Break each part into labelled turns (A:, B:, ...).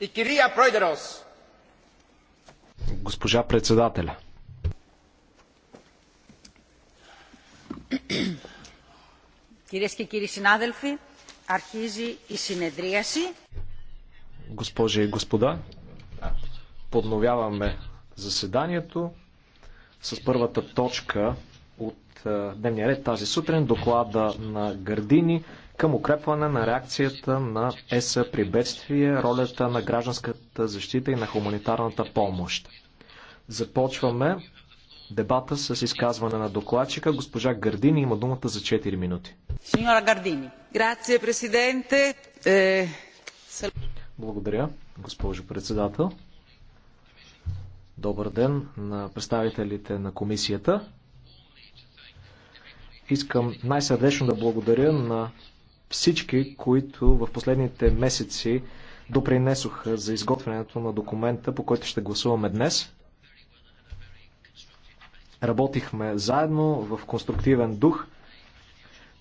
A: И кирия Пройдерос.
B: Госпожа председателя.
A: και κύριοι συνάδελφοι, αρχίζει η συνεδρίαση.
B: Госпожи и господа, подновяваме заседанието с първата точка от е, дневния ред тази сутрин, доклада на Гърдини към укрепване на реакцията на ЕС при бедствие, ролята на гражданската защита и на хуманитарната помощ. Започваме дебата с изказване на докладчика. Госпожа Гардини има думата за 4 минути. Синьора Гардини. Грация, президенте. Е, благодаря, госпожо председател. Добър ден на представителите на комисията. Искам най-сърдечно да благодаря на всички, които в последните месеци допринесоха за изготвянето на документа, по който ще гласуваме днес. Работихме заедно в конструктивен дух.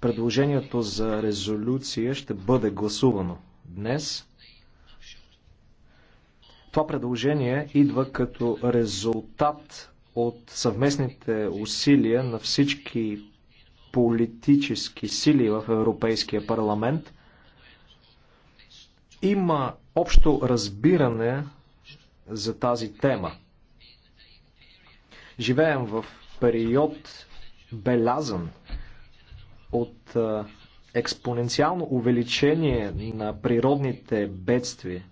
B: Предложението за резолюция ще бъде гласувано днес. Това предложение идва като резултат от съвместните усилия на всички политически сили в Европейския парламент, има общо разбиране за тази тема. Живеем в период белязан от експоненциално увеличение на природните бедствия.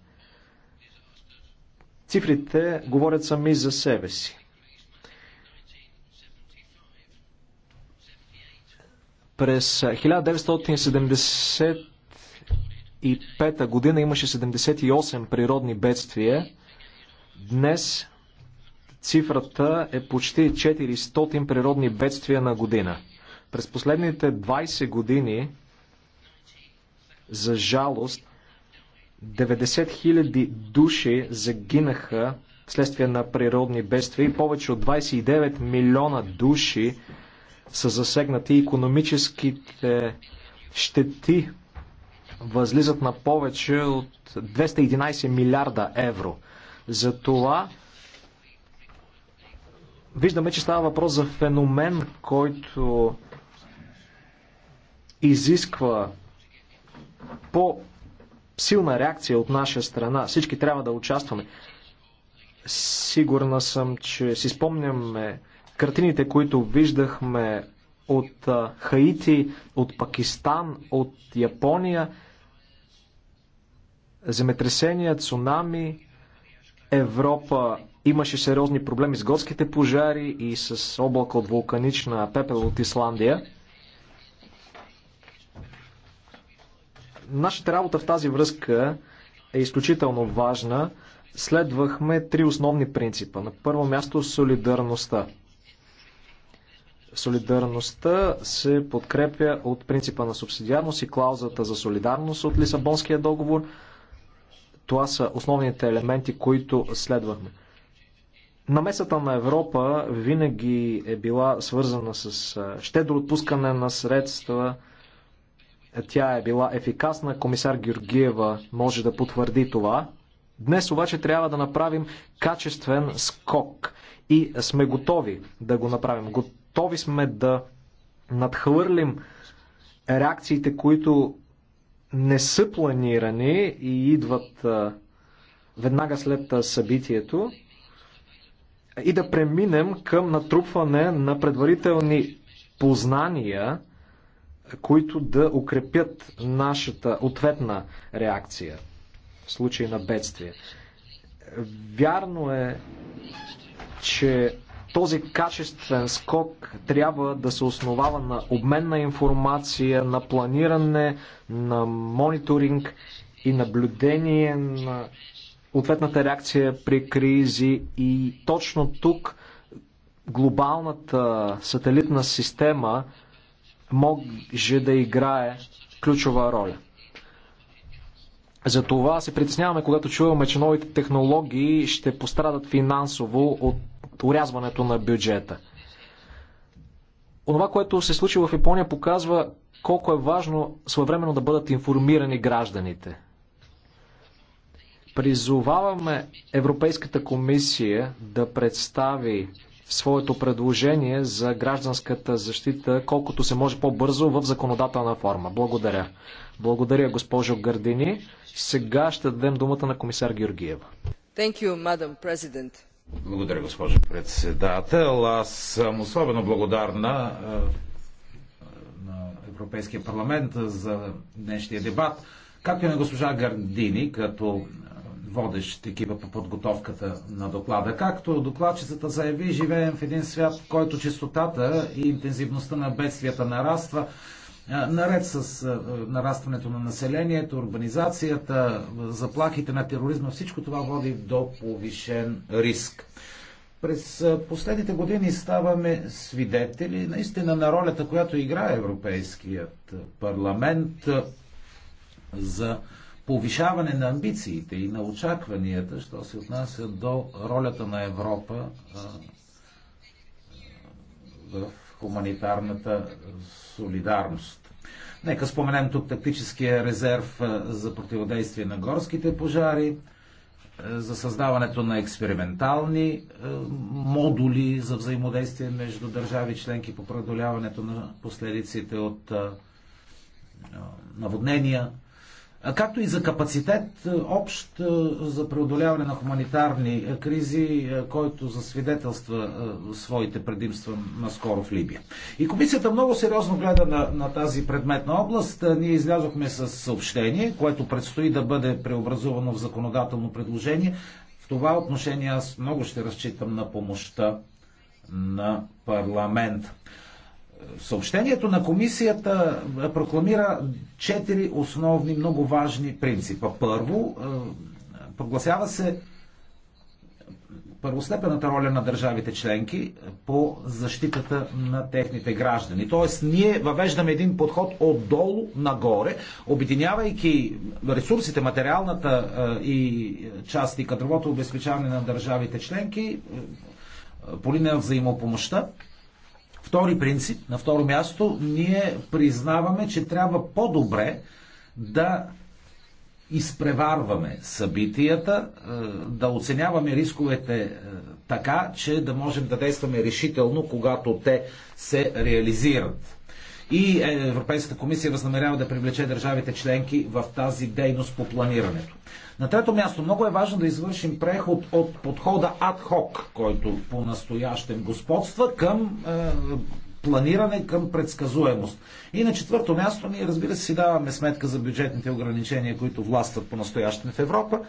B: Цифрите говорят сами за себе си. През 1975 година имаше 78 природни бедствия. Днес цифрата е почти 400 природни бедствия на година. През последните 20 години, за жалост, 90 000 души загинаха вследствие на природни бедствия и повече от 29 милиона души са засегнати. Економическите щети възлизат на повече от 211 милиарда евро. Затова виждаме, че става въпрос за феномен, който изисква по-силна реакция от наша страна. Всички трябва да участваме. Сигурна съм, че си спомняме Картините, които виждахме от Хаити, от Пакистан, от Япония, земетресения, цунами, Европа имаше сериозни проблеми с готските пожари и с облака от вулканична пепел от Исландия. Нашата работа в тази връзка е изключително важна. Следвахме три основни принципа. На първо място солидарността. Солидарността се подкрепя от принципа на субсидиарност и клаузата за солидарност от Лисабонския договор. Това са основните елементи, които следвахме. Намесата на Европа винаги е била свързана с щедро отпускане на средства. Тя е била ефикасна. Комисар Георгиева може да потвърди това. Днес обаче трябва да направим качествен скок и сме готови да го направим готови сме да надхвърлим реакциите, които не са планирани и идват веднага след събитието и да преминем към натрупване на предварителни познания, които да укрепят нашата ответна реакция в случай на бедствие. Вярно е, че този качествен скок трябва да се основава на обмен на информация, на планиране, на мониторинг и наблюдение на ответната реакция при кризи и точно тук глобалната сателитна система може да играе ключова роля. Затова се притесняваме, когато чуваме, че новите технологии ще пострадат финансово от урязването на бюджета. Онова, което се случи в Япония, показва колко е важно своевременно да бъдат информирани гражданите. Призоваваме Европейската комисия да представи своето предложение за гражданската защита колкото се може по-бързо в законодателна форма. Благодаря. Благодаря, госпожо Гърдини. Сега ще дадем думата на
A: комисар Георгиева. Thank you, благодаря, госпожо председател. Аз съм особено благодарна на Европейския парламент за днешния дебат, както и на госпожа Гардини, като водещ екипа по подготовката на доклада. Както докладчицата заяви, живеем в един свят, в който чистотата и интензивността на бедствията нараства наред с нарастването на населението, урбанизацията, заплахите на тероризма, всичко това води до повишен риск. През последните години ставаме свидетели наистина на ролята, която играе Европейският парламент за повишаване на амбициите и на очакванията, що се отнася до ролята на Европа в хуманитарната солидарност. Нека споменем тук тактическия резерв за противодействие на горските пожари, за създаването на експериментални модули за взаимодействие между държави членки по преодоляването на последиците от наводнения – както и за капацитет е, общ е, за преодоляване на хуманитарни е, кризи, който засвидетелства своите предимства наскоро в Либия. И комисията много сериозно гледа на, на тази предметна област. Ние излязохме с съобщение, което предстои да бъде преобразувано в законодателно предложение. В това отношение аз много ще разчитам на помощта на парламента. Съобщението на комисията прокламира четири основни, много важни принципа. Първо, прогласява се първостепената роля на държавите членки по защитата на техните граждани. Тоест, ние въвеждаме един подход отдолу нагоре, обединявайки ресурсите, материалната и част и кадровото обезпечаване на държавите членки по линия взаимопомощта Втори принцип, на второ място, ние признаваме, че трябва по-добре да изпреварваме събитията, е, да оценяваме рисковете е, така, че да можем да действаме решително, когато те се реализират и е, Европейската комисия възнамерява да привлече държавите членки в тази дейност по планирането. На трето място, много е важно да извършим преход от подхода ад-хок, който по-настоящем господства, към е, планиране, към предсказуемост. И на четвърто място, ние разбира се си даваме сметка за бюджетните ограничения, които властват по-настоящем в Европа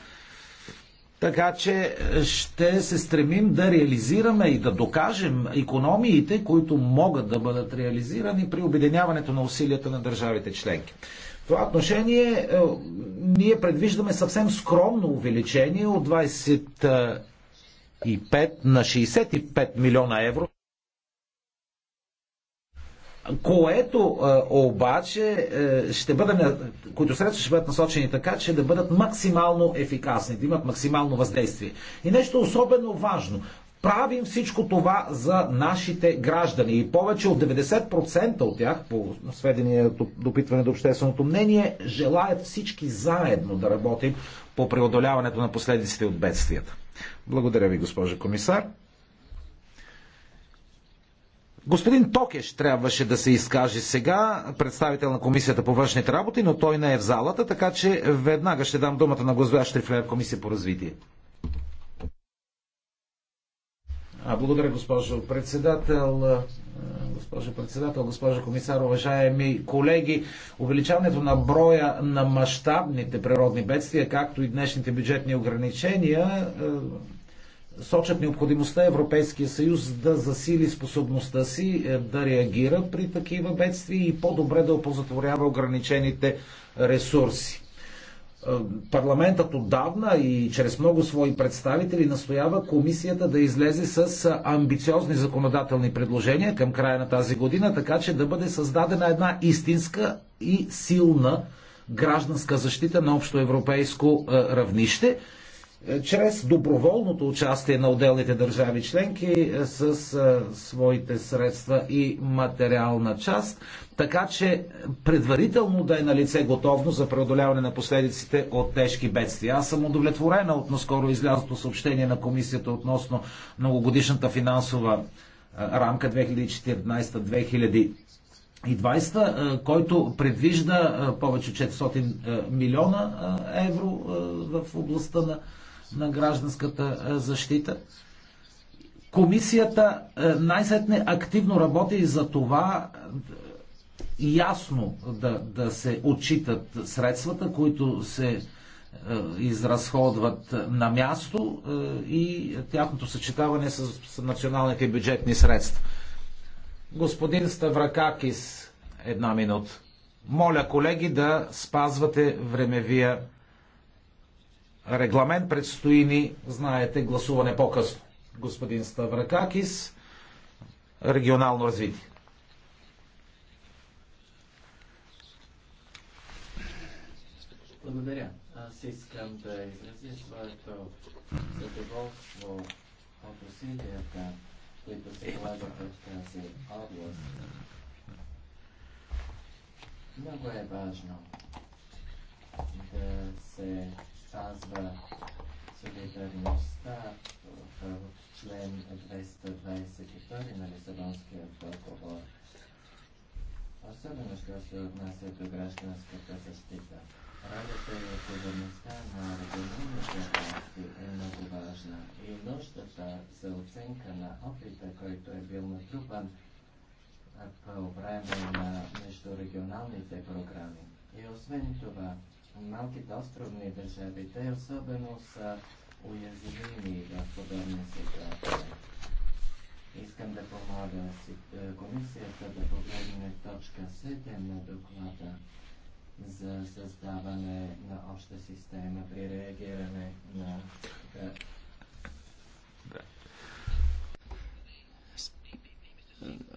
A: така че е, ще се стремим да реализираме и да докажем економиите, които могат да бъдат реализирани при обединяването на усилията на държавите членки. В това отношение е, ние предвиждаме съвсем скромно увеличение от 25 е, на 65 милиона евро което а, е, обаче а, е, ще бъде, които средства ще бъдат насочени така, че да бъдат максимално ефикасни, да имат максимално въздействие. И нещо особено важно. Правим всичко това за нашите граждани и повече от 90% от тях, по сведения допитване до общественото мнение, желаят всички заедно да работим по преодоляването на последиците от бедствията. Благодаря ви, госпожа комисар. Господин Токеш трябваше да се изкаже сега, представител на Комисията по външните работи, но той не е в залата, така че веднага ще дам думата на госпожа Штрифлер, Комисия по развитие. А, благодаря, госпожо председател. Госпожо председател, госпожо комисар, уважаеми колеги, увеличаването на броя на мащабните природни бедствия, както и днешните бюджетни ограничения, сочат необходимостта Европейския съюз да засили способността си е, да реагира при такива бедствия и по-добре да опозатворява ограничените ресурси. Е, парламентът отдавна и чрез много свои представители настоява комисията да излезе с е, амбициозни законодателни предложения към края на тази година, така че да бъде създадена една истинска и силна гражданска защита на общоевропейско равнище е, чрез доброволното участие на отделните държави членки е, с е, своите средства и материална част, така че предварително да е на лице готовно за преодоляване на последиците от тежки бедствия. Аз съм удовлетворена от наскоро излязото съобщение на комисията относно многогодишната финансова рамка 2014-2020 и 20, който предвижда повече от 400 милиона евро в областта на на гражданската е, защита. Комисията е, най-сетне активно работи и за това е, ясно да, да се отчитат средствата, които се изразходват на място и тяхното съчетаване с, националните бюджетни средства. Господин Ставракакис, една минута. Моля, колеги, да спазвате времевия регламент. Предстои ни, знаете, гласуване по-късно. Господин Ставракакис, регионално развитие.
C: Благодаря. Аз искам да изразя своето задоволство от усилията, които се влагат в тази област. Много е важно да се казва солидарността в, в член 222 на Лисабонския договор. Особено, що се отнася до гражданската защита. радата и отговорността на регионалните власти е много важна и нуждата за оценка на опита, който е бил натрупан по време на междурегионалните програми. И освен това, малките островни държави, те особено са уязвими в подобни ситуации. Искам да помоля е, комисията да погледне точка 7 на доклада за създаване на обща система при реагиране
A: на е,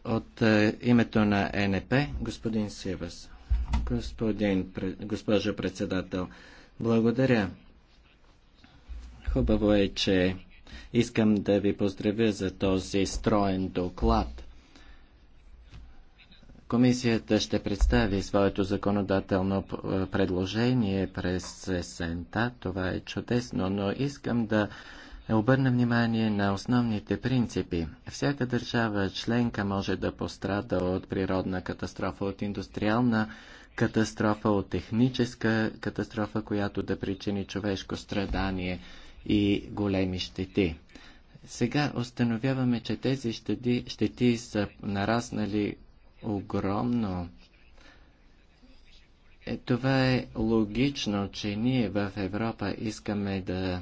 C: от е, името на НП, господин Сивас. Господин, госпожо председател, благодаря. Хубаво е, че искам да ви поздравя за този строен доклад. Комисията ще представи своето законодателно е, предложение през сента. Това е чудесно, но искам да обърна внимание на основните принципи. Всяка държава членка може да пострада от природна катастрофа, от индустриална катастрофа, от техническа катастрофа, която да причини човешко страдание и големи щети. Сега установяваме, че тези щети, щети са нараснали огромно. Е, това е логично, че ние в Европа искаме да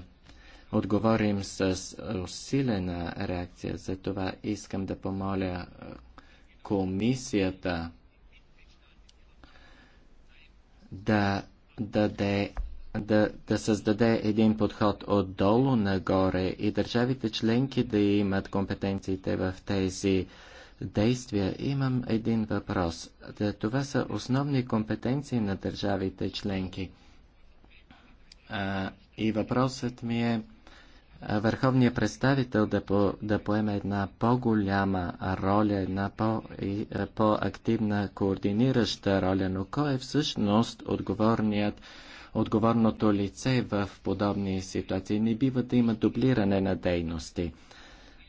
C: отговорим с е, усилена реакция. За това искам да помоля е, комисията да даде да, да създаде един подход отдолу нагоре и държавите членки да имат компетенциите в тези действия. Имам един въпрос. Е, това са основни компетенции на държавите членки. А, и въпросът ми е върховният представител да, по, да поеме една по-голяма роля, една по, и, е, по-активна координираща роля, но кой е всъщност отговорният отговорното лице в подобни ситуации. Не бива да има дублиране на дейности.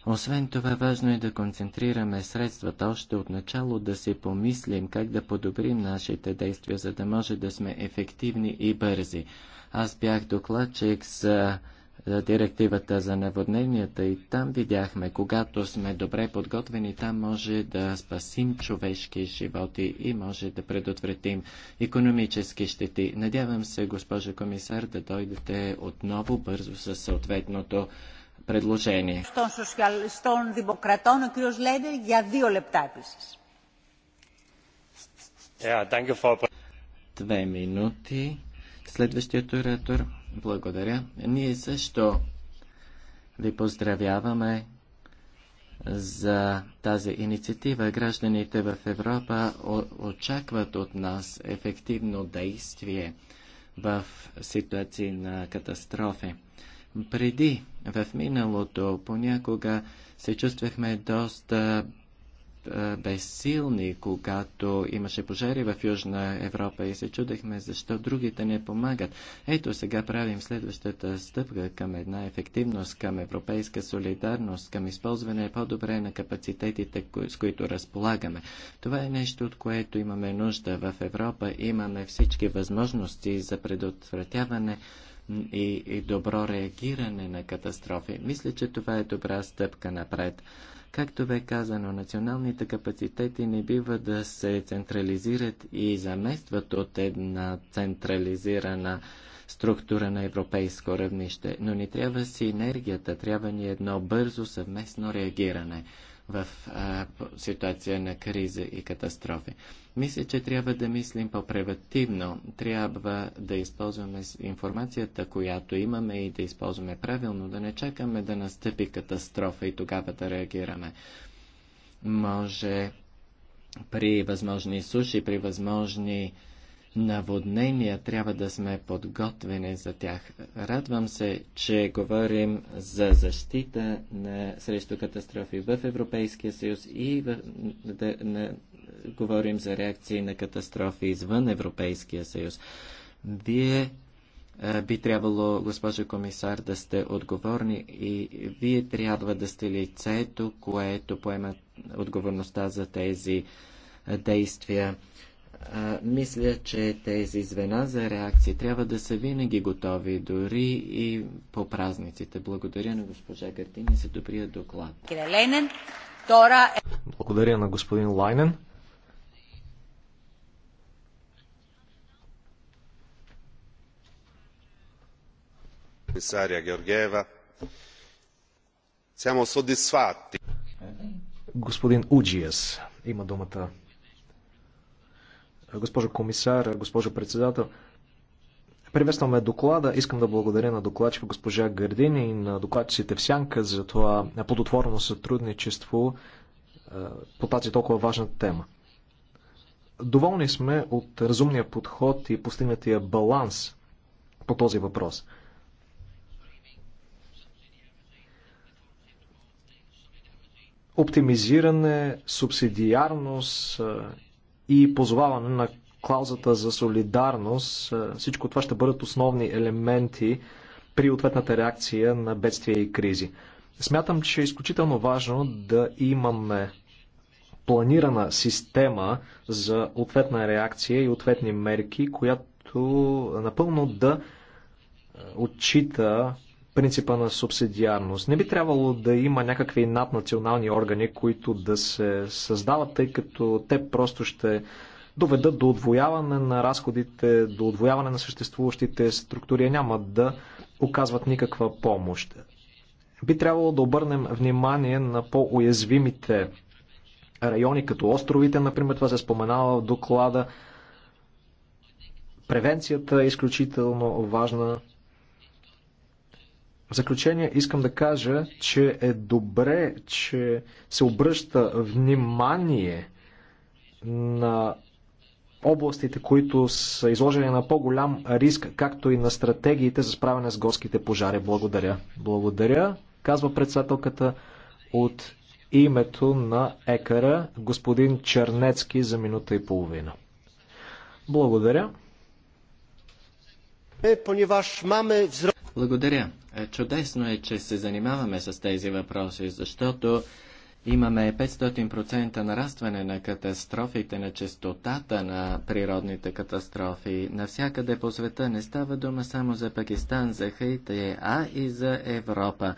C: Освен това, важно е да концентрираме средствата още от начало да си помислим как да подобрим нашите действия, за да може да сме ефективни и бързи. Аз бях докладчик за е, директивата за наводненията и там видяхме, когато сме добре подготвени, там може да спасим човешки животи и може да предотвратим економически щети. Надявам се, госпожа комисар, да дойдете отново бързо със съответното предложение. Две минути. Следващият оратор. Благодаря. Ние също ви поздравяваме за тази инициатива. Гражданите в Европа очакват от нас ефективно действие в ситуации на катастрофи. Преди, в миналото, понякога се чувствахме доста безсилни, когато имаше пожари в Южна Европа и се чудехме защо другите не помагат. Ето сега правим следващата стъпка към една ефективност, към европейска солидарност, към използване по-добре на капацитетите, с които разполагаме. Това е нещо, от което имаме нужда в Европа. Имаме всички възможности за предотвратяване и, и добро реагиране на катастрофи. Мисля, че това е добра стъпка напред. Както бе казано, националните капацитети не бива да се централизират и заместват от една централизирана структура на европейско равнище, но ни трябва синергията, трябва ни едно бързо съвместно реагиране в а, е, ситуация на кризи и катастрофи. Мисля, че трябва да мислим по превативно Трябва да използваме информацията, която имаме и да използваме правилно, да не чакаме да настъпи катастрофа и тогава да реагираме. Може при възможни суши, при възможни наводнения, трябва да сме подготвени за тях. Радвам се, че говорим за защита на, срещу катастрофи в Европейския съюз и в, да, на, говорим за реакции на катастрофи извън Европейския съюз. Вие би трябвало, госпожо комисар, да сте отговорни и вие трябва да сте лицето, което поема отговорността за тези действия а, мисля, че тези звена за реакции трябва да са винаги готови, дори и по празниците. Благодаря на госпожа Гартини за добрия доклад.
B: Благодаря на господин Лайнен.
A: Комисария Георгиева, Сямо
B: Господин Уджиас има думата госпожо комисар, госпожо председател. Приветстваме доклада. Искам да благодаря на докладчика госпожа Гърдини и на докладчиците в Сянка за това плодотворно сътрудничество е, по тази толкова важна тема. Доволни сме от разумния подход и постигнатия баланс по този въпрос. Оптимизиране, субсидиарност е, и позоваване на клаузата за солидарност, е, всичко това ще бъдат основни елементи при ответната реакция на бедствия и кризи. Смятам, че е изключително важно да имаме планирана система за ответна реакция и ответни мерки, която напълно да е, отчита принципа на субсидиарност. Не би трябвало да има някакви наднационални органи, които да се създават, тъй като те просто ще доведат до отвояване на разходите, до отвояване на съществуващите структури, няма да оказват никаква помощ. Би трябвало да обърнем внимание на по-уязвимите райони, като островите, например, това се споменава в доклада. Превенцията е изключително важна в заключение искам да кажа, че е добре, че се обръща внимание на областите, които са изложени на по-голям риск, както и на стратегиите за справяне с горските пожари. Благодаря. Благодаря, казва председателката от името на екара господин Чернецки за минута и половина. Благодаря. Благодаря.
C: Е, чудесно е, че се занимаваме с тези въпроси, защото имаме 500% нарастване на катастрофите, на частотата на природните катастрофи. Навсякъде по света не става дума само за Пакистан, за Хаити, а и за Европа.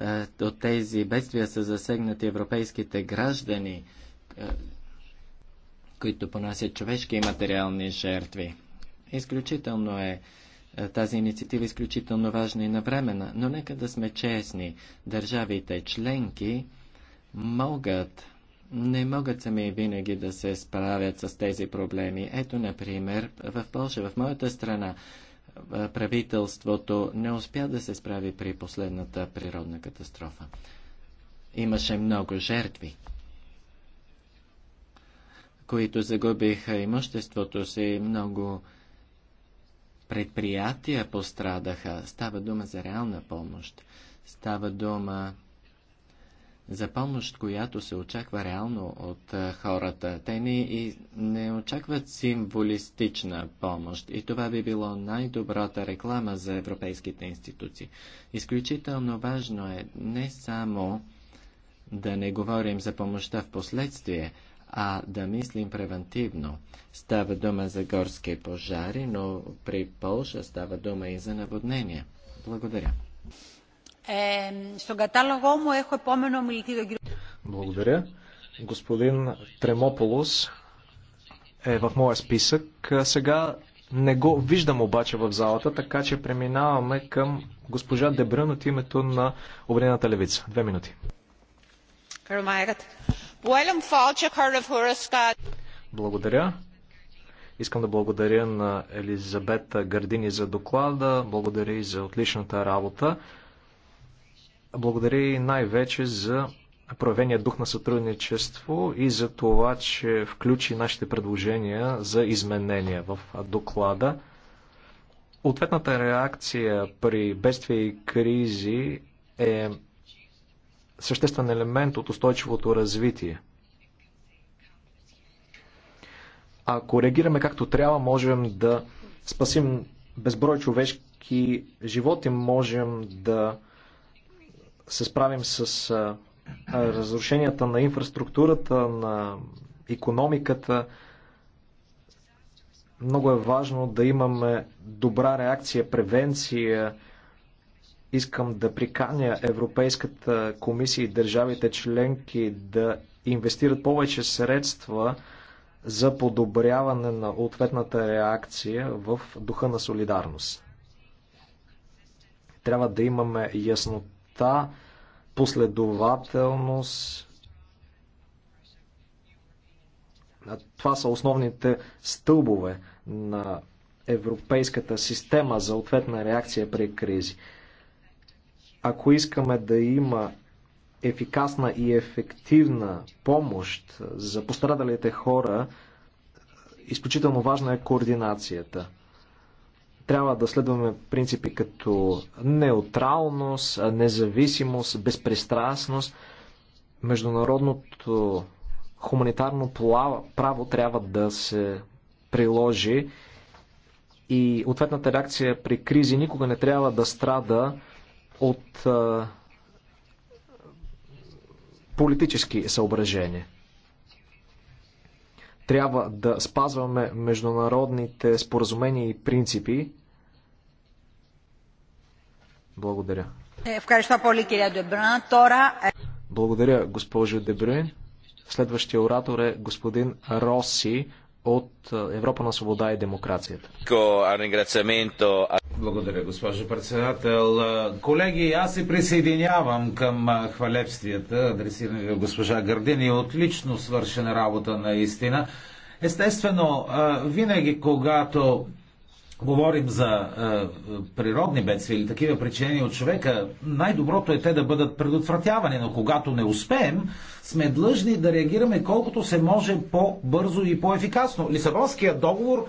C: Е, от тези бедствия са засегнати европейските граждани, е, които понасят човешки и материални жертви. Изключително е е, тази инициатива е изключително важна и навремена, но нека да сме честни. Държавите членки могат, не могат сами винаги да се справят с тези проблеми. Ето, например, в Польша, в моята страна, е, правителството не успя да се справи при последната природна катастрофа. Имаше много жертви, които загубиха имуществото си много предприятия пострадаха. Става дума за реална помощ. Става дума за помощ, която се очаква реално от хората. Те не, и не очакват символистична помощ и това би било най-добрата реклама за европейските институции. Изключително важно е не само да не говорим за помощта в последствие, а да мислим превентивно. Става дума за горски пожари, но при Полша става дума и за наводнения. Благодаря.
A: Е,
B: Благодаря. Господин Тремополос е в моя списък. Сега не го виждам обаче в залата, така че преминаваме към госпожа Дебрън от името на Обединената левица. Две минути. Благодаря. Искам да благодаря на Елизабета Гърдини за доклада, благодаря и за отличната работа. Благодаря и най-вече за проявения дух на сътрудничество и за това, че включи нашите предложения за изменения в доклада. Ответната реакция при бедствия и кризи е съществен елемент от устойчивото развитие. Ако реагираме както трябва, можем да спасим безброй човешки животи, можем да се справим с разрушенията на инфраструктурата, на економиката. Много е важно да имаме добра реакция, превенция, Искам да приканя Европейската комисия и държавите членки да инвестират повече средства за подобряване на ответната реакция в духа на солидарност. Трябва да имаме яснота, последователност. Това са основните стълбове на европейската система за ответна реакция при кризи. Ако искаме да има ефикасна и ефективна помощ за пострадалите хора, изключително важна е координацията. Трябва да следваме принципи като неутралност, независимост, безпристрастност. Международното хуманитарно право трябва да се приложи и ответната реакция при кризи никога не трябва да страда от а, политически съображения. Трябва да спазваме международните споразумения и принципи. Благодаря. Благодаря, госпожо Дебрюин. Следващия оратор е господин Роси от Европа на свобода и демокрацията.
A: Благодаря, госпожо председател. Колеги, аз се присъединявам към хвалепствията, адресирани от госпожа Гърдини. Отлично свършена работа, наистина. Естествено, винаги, когато говорим за природни бедствия или такива причини от човека, най-доброто е те да бъдат предотвратявани, но когато не успеем, сме длъжни да реагираме колкото се може по-бързо и по-ефикасно. Лисабонският договор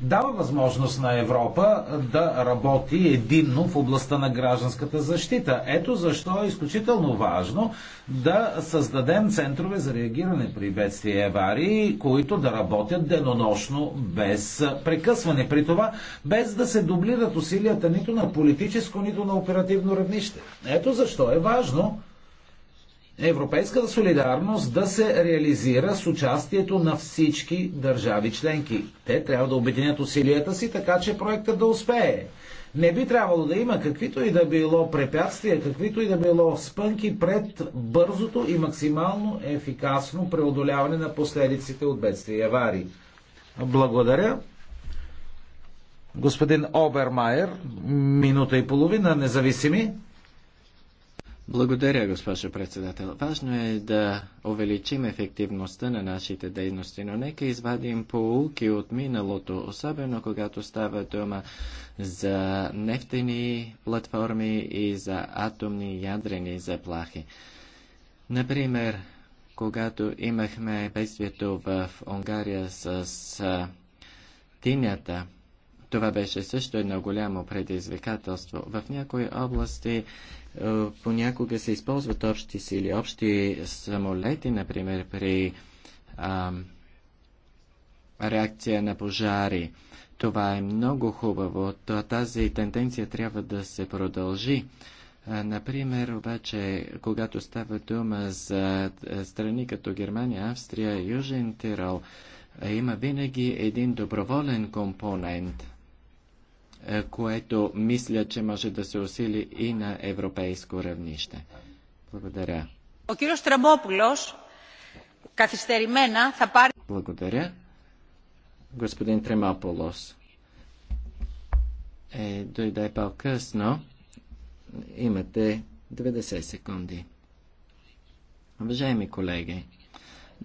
A: дава възможност на Европа да работи единно в областта на гражданската защита. Ето защо е изключително важно да създадем центрове за реагиране при бедствия и аварии, които да работят денонощно без прекъсване. При това без да се дублират усилията нито на политическо, нито на оперативно равнище. Ето защо е важно европейската солидарност да се реализира с участието на всички държави членки. Те трябва да обединят усилията си, така че проектът да успее. Не би трябвало да има каквито и да било препятствия, каквито и да било спънки пред бързото и максимално ефикасно преодоляване на последиците от бедствия и аварии. Благодаря. Господин Обермайер, минута и половина, независими. Благодаря, госпожо председател. Важно е да увеличим
C: ефективността на нашите дейности, но нека извадим поуки от миналото, особено когато става дума за нефтени платформи и за атомни ядрени заплахи. Например, когато имахме бедствието в Унгария с тинята, това беше също едно голямо предизвикателство. В някои области е, понякога се използват общи сили, общи самолети, например, при а, реакция на пожари. Това е много хубаво. Тази тенденция трябва да се продължи. Например, обаче, когато става дума за е, страни като Германия, Австрия, Южен Тирол, е, има винаги един доброволен компонент – е, което мисля, че може да се усили и на европейско равнище. Благодаря. Благодаря. Господин Тремополос е, дойде по-късно. Имате 90 секунди. Уважаеми колеги,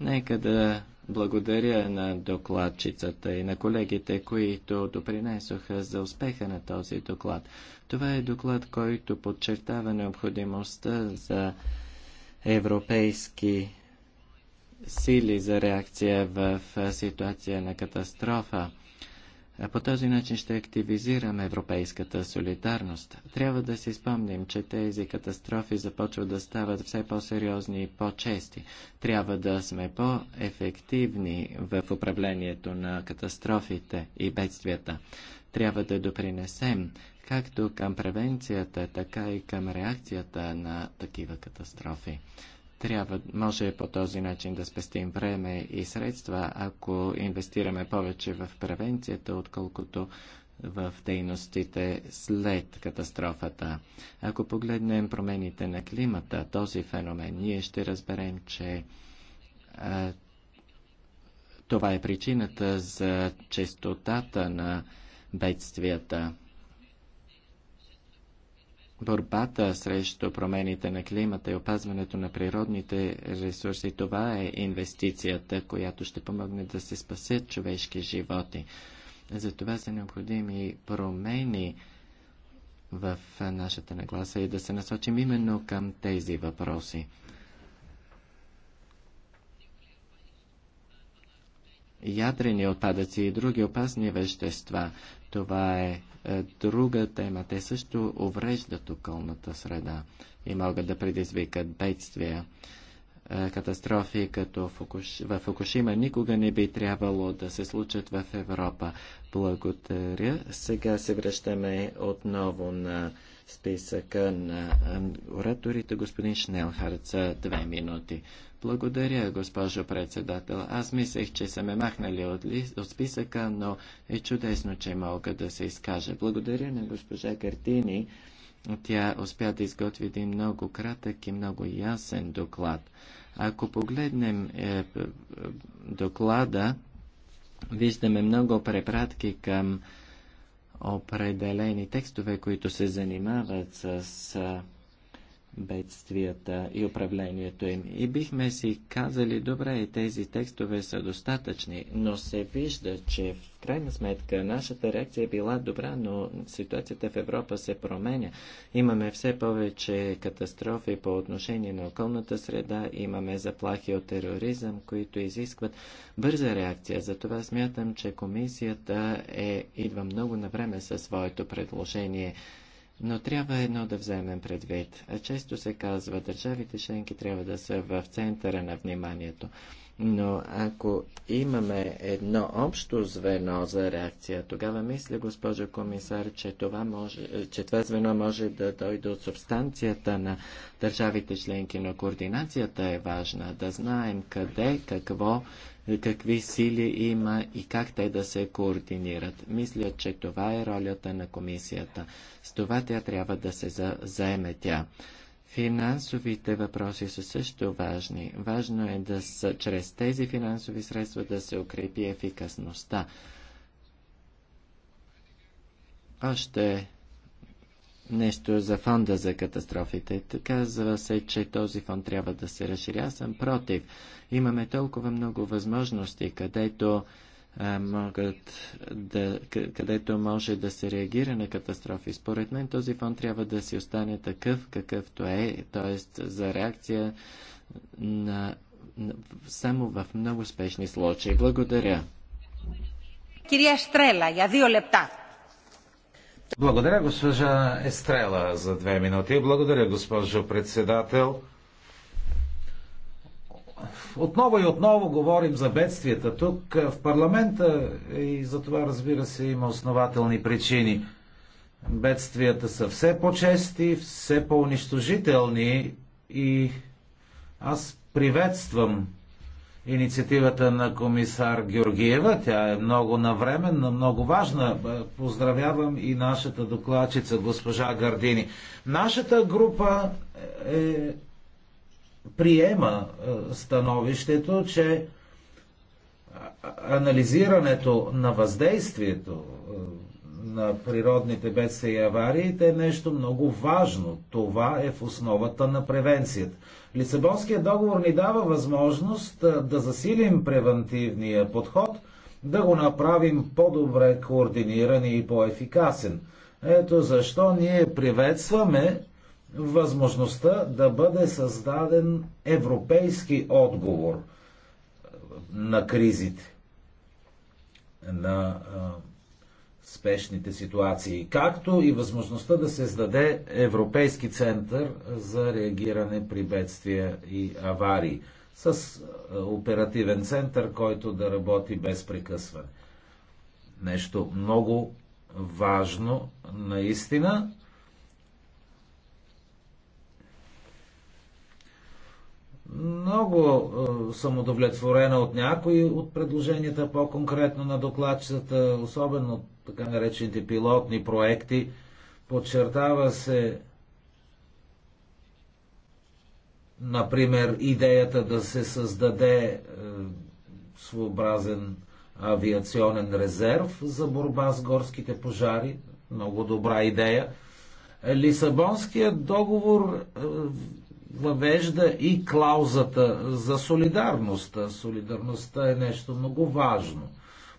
C: нека да благодаря на докладчицата и на колегите, които допринесоха за успеха на този доклад. Това е доклад, който подчертава необходимостта за европейски сили за реакция в ситуация на катастрофа. По този начин ще активизираме европейската солидарност. Трябва да си спомним, че тези катастрофи започват да стават все по-сериозни и по-чести. Трябва да сме по-ефективни в управлението на катастрофите и бедствията. Трябва да допринесем както към превенцията, така и към реакцията на такива катастрофи. Трябва, може по този начин да спестим време и средства, ако инвестираме повече в превенцията, отколкото в дейностите след катастрофата. Ако погледнем промените на климата, този феномен, ние ще разберем, че а, това е причината за честотата на бедствията борбата срещу промените на климата и опазването на природните ресурси, това е инвестицията, която ще помогне да се спасят човешки животи. За това са необходими промени в нашата нагласа и да се насочим именно към тези въпроси. Ядрени отпадъци и други опасни вещества. Това е е, друга тема. Те също увреждат околната среда и могат да предизвикат бедствия. Е, катастрофи като в Фукушима никога не би трябвало да се случат в Европа. Благодаря. Сега се връщаме отново на списъка на ораторите. Господин Шнелхард за две минути. Благодаря, госпожо председател. Аз мислех, че са ме махнали от, ли, от списъка, но е чудесно, че мога да се изкажа. Благодаря на госпожа Картини. Тя успя да изготви един много кратък и много ясен доклад. Ако погледнем е, е доклада, виждаме много препратки към определени текстове, които се занимават с е, бедствията и управлението им. И бихме си казали, добре, и тези текстове са достатъчни, но се вижда, че в крайна сметка нашата реакция е била добра, но ситуацията в Европа се променя. Имаме все повече катастрофи по отношение на околната среда, имаме заплахи от тероризъм, които изискват бърза реакция. Затова смятам, че комисията е, идва много на време със своето предложение но трябва едно да вземем предвид. Често се казва, държавите членки трябва да са в центъра на вниманието. Но ако имаме едно общо звено за реакция, тогава мисля, госпожо комисар, че това, може, че това звено може да дойде от субстанцията на държавите членки, но координацията е важна. Да знаем къде, какво, какви сили има и как те да се координират. Мисля, че това е ролята на комисията. С това тя трябва да се заеме тя. Финансовите въпроси са също важни. Важно е да са, чрез тези финансови средства да се укрепи ефикасността. Още нещо за фонда за катастрофите. Казва се, че този фонд трябва да се разширя. Аз съм против. Имаме толкова много възможности, където могат да, където може да се реагира на катастрофи. Според мен този фонд трябва да си остане такъв, какъвто е, т.е. за реакция на, на, само в много спешни случаи. Благодаря.
A: Кирия Штрела, я дио лепта. Благодаря, госпожа Естрела, за две минути. Благодаря, госпожо председател отново и отново говорим за бедствията тук в парламента и за това разбира се има основателни причини. Бедствията са все по-чести, все по-унищожителни и аз приветствам инициативата на комисар Георгиева. Тя е много навременна, много важна. Поздравявам и нашата докладчица, госпожа Гардини. Нашата група е приема е, становището, че е, анализирането на въздействието е, на природните бедствия и авариите е нещо много важно. Това е в основата на превенцията. Лисабонският договор ни дава възможност да засилим превентивния подход, да го направим по-добре координиран и по-ефикасен. Ето защо ние приветстваме възможността да бъде създаден европейски отговор на кризите, на спешните ситуации, както и възможността да се създаде Европейски център за реагиране при бедствия и аварии с оперативен център, който да работи без прекъсване. Нещо много важно наистина Много е, съм удовлетворена от някои от предложенията, по-конкретно на докладчицата, особено така наречените пилотни проекти. Подчертава се, например, идеята да се създаде е, своеобразен авиационен резерв за борба с горските пожари. Много добра идея. Лисабонският договор е, въвежда и клаузата за солидарността. Солидарността е нещо много важно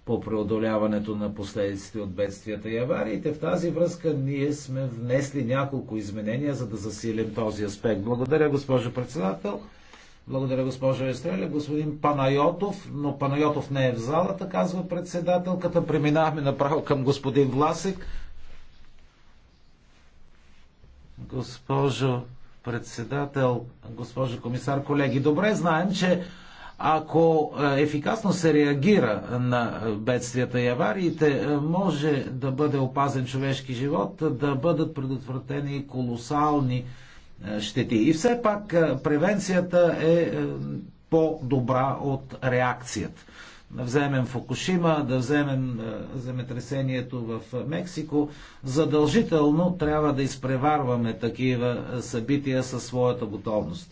A: по преодоляването на последиците от бедствията и авариите. В тази връзка ние сме внесли няколко изменения, за да засилим този аспект. Благодаря, госпожо председател. Благодаря, госпожо Естреля. Господин Панайотов, но Панайотов не е в залата, казва председателката. Преминаваме направо към господин Власик. Госпожо председател, госпожо комисар, колеги. Добре знаем, че ако е, ефикасно се реагира на е, бедствията и авариите, е, може да бъде опазен човешки живот, да бъдат предотвратени колосални щети. И все пак превенцията е по-добра от реакцията. Да вземем Фукушима, да вземем е, земетресението в е, Мексико. Задължително трябва да изпреварваме такива е, събития със своята готовност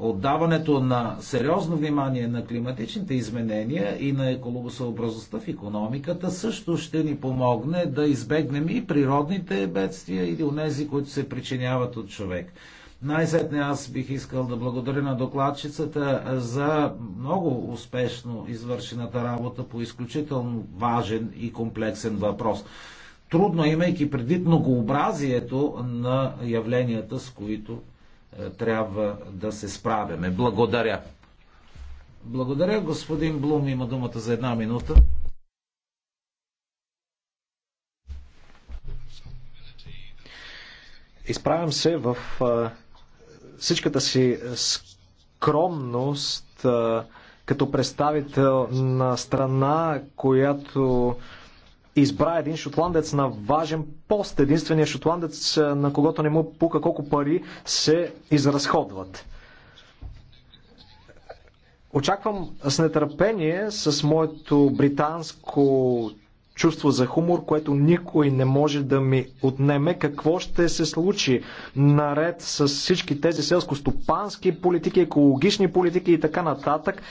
A: отдаването на сериозно внимание на климатичните изменения и на екологосъобразността в економиката също ще ни помогне да избегнем и природните бедствия или онези, които се причиняват от човек. Най-сетне аз бих искал да благодаря на докладчицата за много успешно извършената работа по изключително важен и комплексен въпрос. Трудно, имайки предвид многообразието на явленията, с които е, трябва да се справяме. Благодаря. Благодаря. Господин Блум има думата за една минута. Изправям се в
B: е, всичката си скромност като представител на страна, която избра един шотландец на важен пост, единствения шотландец, на когото не му пука колко пари се изразходват. Очаквам с нетърпение с моето британско чувство за хумор, което никой не може да ми отнеме. Какво ще се случи наред с всички тези селско-стопански политики, екологични политики и така нататък?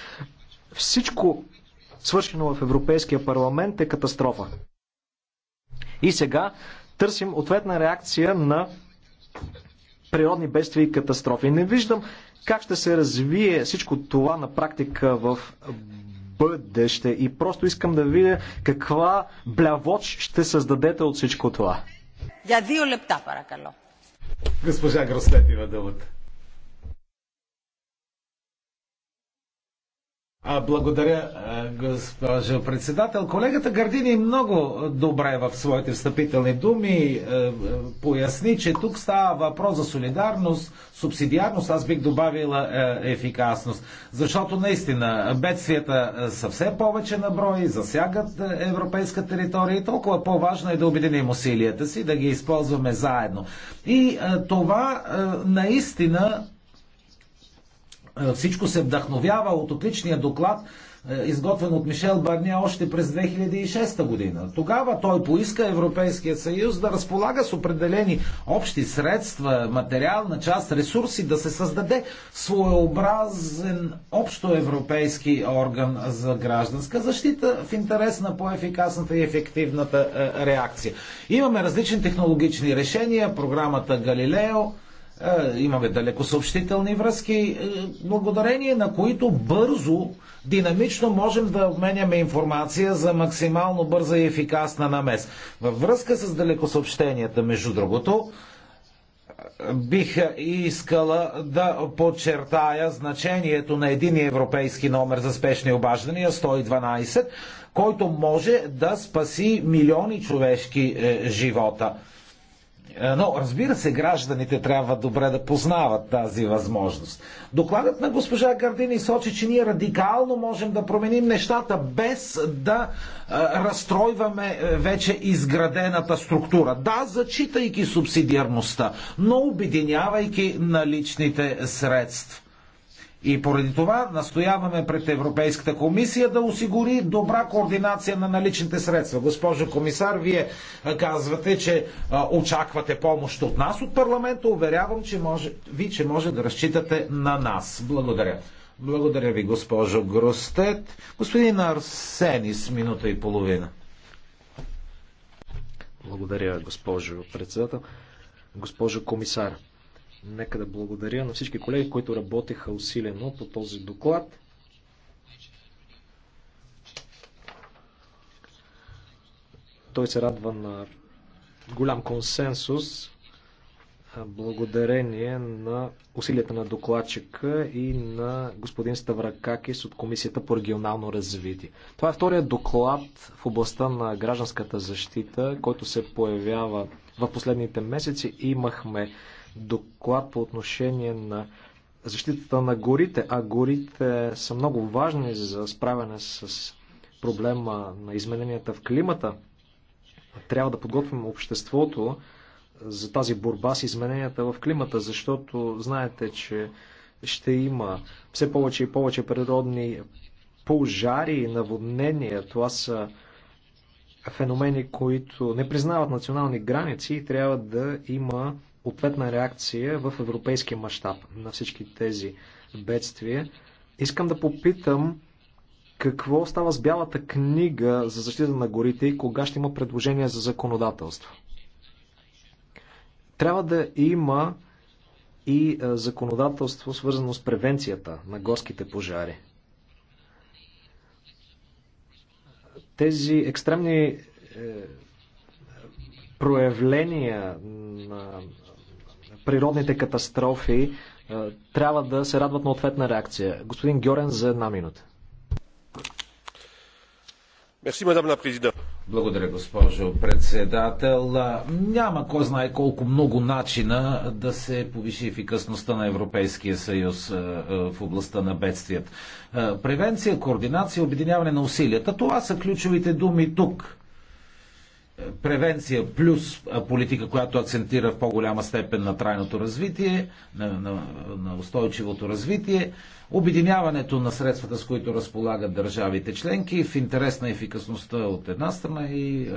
B: Всичко свършено в Европейския парламент е катастрофа. И сега търсим ответна реакция на природни бедствия и катастрофи. Не виждам как ще се развие всичко това на практика в бъдеще. И просто искам да видя каква блявоч ще създадете от всичко това.
A: За две лепта, паракало. Госпожа Грослет има думата. Благодаря, госпожо председател. Колегата Гардини много добре в своите встъпителни думи поясни, че тук става въпрос за солидарност, субсидиарност, аз бих добавила ефикасност. Защото наистина бедствията са все повече на брой, засягат европейска територия и толкова по-важно е да обединим усилията си, да ги използваме заедно. И това наистина е, всичко се вдъхновява от отличния доклад, е, изготвен от Мишел Барня още през 2006 година. Тогава той поиска Европейския съюз да разполага с определени общи средства, материална част, ресурси, да се създаде своеобразен общоевропейски орган за гражданска защита в интерес на по-ефикасната и ефективната е, реакция. Имаме различни технологични решения, програмата Галилео, е, имаме далеко съобщителни връзки, е, благодарение на които бързо, динамично можем да обменяме информация за максимално бърза и ефикасна намес. Във връзка с далекосъобщенията, между другото, бих искала да подчертая значението на един европейски номер за спешни обаждания 112, който може да спаси милиони човешки е, живота. Е, но, разбира се, гражданите трябва добре да познават тази възможност. Докладът на госпожа Гардини сочи, че ние радикално можем да променим нещата, без да е, разстройваме е, вече изградената структура. Да, зачитайки субсидиарността, но обединявайки наличните средства. И поради това настояваме пред Европейската комисия да осигури добра координация на наличните средства. Госпожо комисар, вие казвате, че очаквате помощ от нас, от парламента. Уверявам че може, ви, че може да разчитате на нас. Благодаря. Благодаря ви, госпожо Гростет. Господин с минута и половина. Благодаря, госпожо председател. Госпожо комисар,
B: Нека да благодаря на всички колеги, които работеха усилено по този доклад. Той се радва на голям консенсус благодарение на усилията на докладчика и на господин Ставракакис от Комисията по регионално развитие. Това е втория доклад в областта на гражданската защита, който се появява в последните месеци. Имахме доклад по отношение на защитата на горите, а горите са много важни за справяне с проблема на измененията в климата. Трябва да подготвим обществото за тази борба с измененията в климата, защото знаете, че ще има все повече и повече природни пожари и наводнения. Това са феномени, които не признават национални граници и трябва да има ответна реакция в европейски мащаб на всички тези бедствия. Искам да попитам какво става с бялата книга за защита на горите и кога ще има предложение за законодателство. Трябва да има и е, законодателство, свързано с превенцията на горските пожари. Тези екстремни е, проявления на природните катастрофи трябва да се радват на ответна реакция. Господин Гьорен за една минута.
A: Благодаря, госпожо председател. Няма кой знае колко много начина да се повиши ефикасността на Европейския съюз в областта на бедствият. Превенция, координация, обединяване на усилията. Това са ключовите думи тук превенция плюс политика, която акцентира в по-голяма степен на трайното развитие, на, на, на устойчивото развитие, обединяването на средствата, с които разполагат държавите членки, в интерес на ефикасността от една страна и е,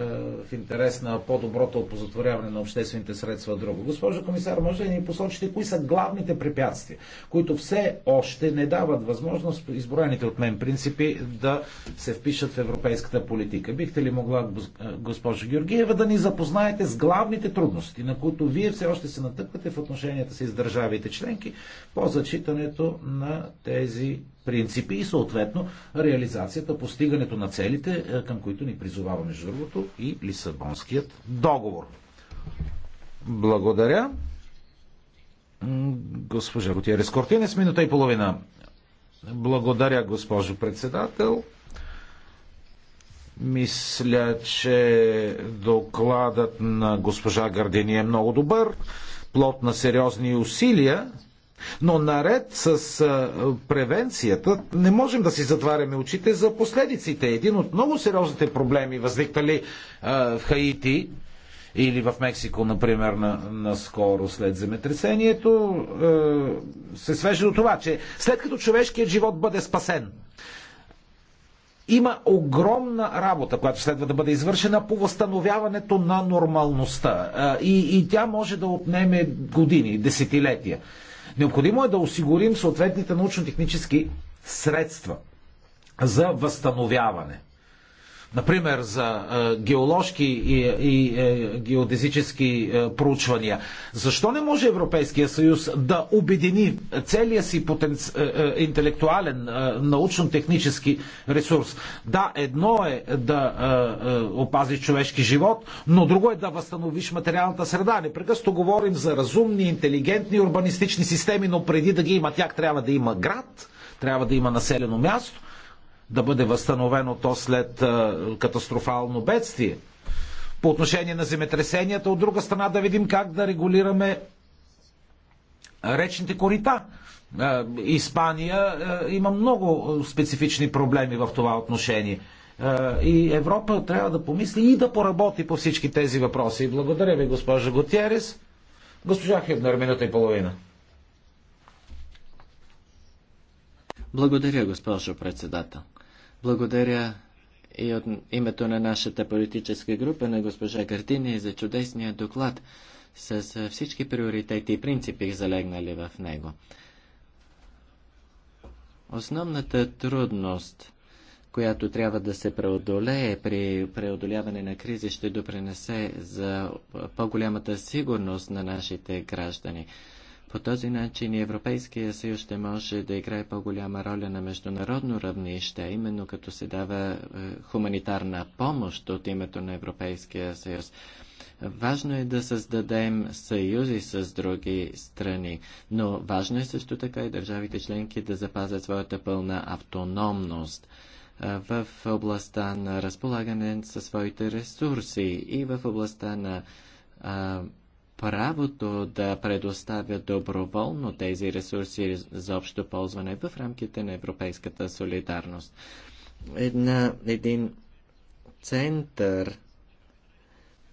A: в интерес на по-доброто опозотворяване на обществените средства от друга. Госпожо комисар, може ли да ни посочите кои са главните препятствия, които все още не дават възможност изброените от мен принципи да се впишат в европейската политика? Бихте ли могла, е, госпожо Георгиева, да ни запознаете с главните трудности, на които вие все още се натъквате в отношенията си с държавите членки по зачитането на тези принципи и съответно реализацията, постигането на целите, е, към които ни призовава между другото и Лисабонският договор. Благодаря. Госпожа Ротия Рескортинес, минута и половина. Благодаря, госпожо председател. Мисля, че докладът на госпожа Гардини е много добър, плод на сериозни усилия, но наред с превенцията не можем да си затваряме очите за последиците. Един от много сериозните проблеми, възникнали в Хаити или в Мексико, например, на, наскоро след земетресението, се свежда до това, че след като човешкият живот бъде спасен, има огромна работа, която следва да бъде извършена по възстановяването на нормалността. И, и тя може да отнеме години, десетилетия. Необходимо е да осигурим съответните научно-технически средства за възстановяване например, за е, геоложки и, и е, геодезически е, проучвания. Защо не може Европейския съюз да обедини целия си потенци... интелектуален, научно-технически ресурс? Да, едно е да опазиш човешки живот, но друго е да възстановиш материалната среда. Непрекъсто говорим за разумни, интелигентни урбанистични системи, но преди да ги има тях трябва да има град, трябва да има населено място, да бъде възстановено то след катастрофално бедствие. По отношение на земетресенията, от друга страна да видим как да регулираме речните корита. Испания има много специфични проблеми в това отношение. И Европа трябва да помисли и да поработи по всички тези въпроси. Благодаря ви, госпожа Готиерес. Госпожа Хебнер, минута и половина. Благодаря, госпожо
C: председател. Благодаря и от името на нашата политическа група на госпожа Гардини за чудесния доклад с всички приоритети и принципи залегнали в него. Основната трудност, която трябва да се преодолее при преодоляване на кризи, ще допринесе за по-голямата сигурност на нашите граждани. По този начин Европейския съюз ще може да играе по-голяма роля на международно равнище, именно като се дава е, хуманитарна помощ от името на Европейския съюз. Важно е да създадем съюзи с други страни, но важно е също така и държавите членки да запазят своята пълна автономност е, в областта на разполагане със своите ресурси и в областта на е, правото да предоставят доброволно тези ресурси за общо ползване в рамките на европейската солидарност. Една, един център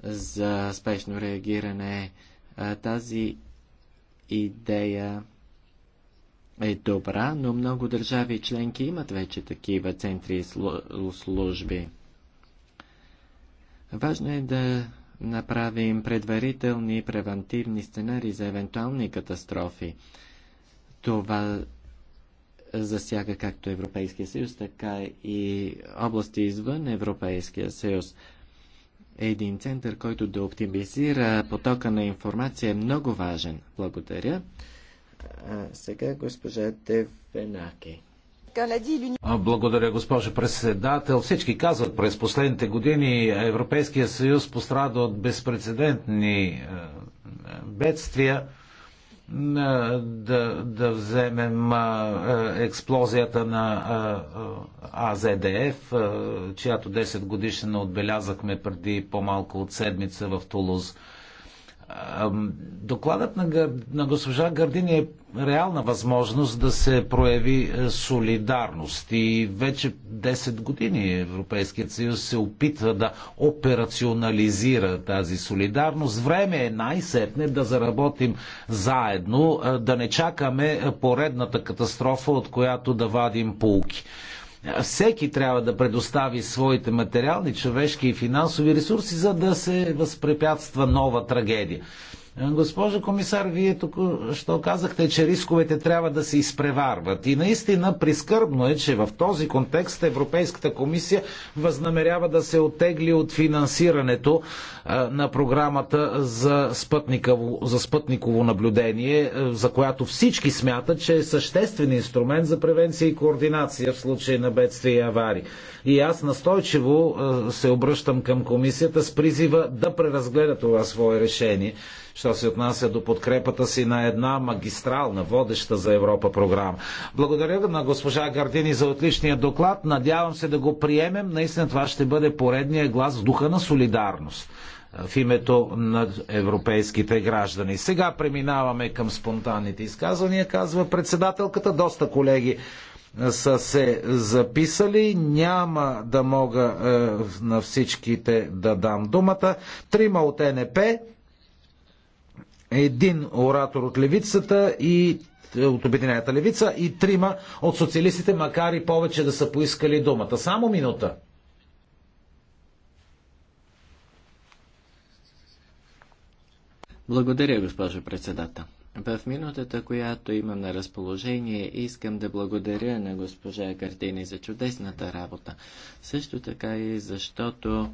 C: за спешно реагиране тази идея е добра, но много държави и членки имат вече такива центри и служби. Важно е да направим предварителни превентивни сценари за евентуални катастрофи. Това засяга както Европейския съюз, така и области извън Европейския съюз. Един център, който да оптимизира потока на информация е много важен. Благодаря. А сега госпожа Тевенаки.
A: Благодаря, госпожо председател. Всички казват, през последните години Европейския съюз пострада от безпредседентни е, бедствия е, да, да вземем а, е, експлозията на а, АЗДФ, а, чиято 10 годишна отбелязахме преди по-малко от седмица в Тулуз. Докладът на, на госпожа Гърдини е реална възможност да се прояви е, солидарност и вече 10 години Европейският съюз се опитва да операционализира тази солидарност. Време е най-сетне да заработим заедно, е, да не чакаме поредната катастрофа, от която да вадим полки. Всеки трябва да предостави своите материални, човешки и финансови ресурси, за да се възпрепятства нова трагедия. Е, госпожо комисар, вие тук що казахте, че рисковете трябва да се изпреварват. И наистина прискърбно е, че в този контекст Европейската комисия възнамерява да се отегли от финансирането е, на програмата за спътниково, за спътниково наблюдение, е, за която всички смятат, че е съществен инструмент за превенция и координация в случай на бедствия и аварии. И аз настойчиво се обръщам към комисията с призива да преразгледа това свое решение що се отнася до подкрепата си на една магистрална, водеща за Европа програма. Благодаря на госпожа Гардини за отличния доклад. Надявам се да го приемем. Наистина това ще бъде поредния глас в духа на солидарност в името на европейските граждани. Сега преминаваме към спонтанните изказвания, казва председателката. Доста колеги са се записали. Няма да мога е, на всичките да дам думата. Трима от НП, един оратор от левицата и е, от Обединената левица и трима от социалистите, макар и повече да са поискали думата. Само минута.
C: Благодаря, госпожо председател. В минутата, която имам на разположение, искам да благодаря на госпожа Картини за чудесната работа. Също така и защото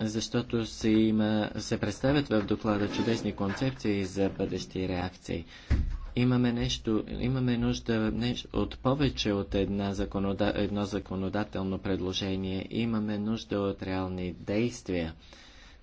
C: защото се, има, се представят в доклада чудесни концепции за бъдещи реакции. Имаме, нещо, имаме нужда нещо, от повече от една законода, едно законодателно предложение. Имаме нужда от реални действия.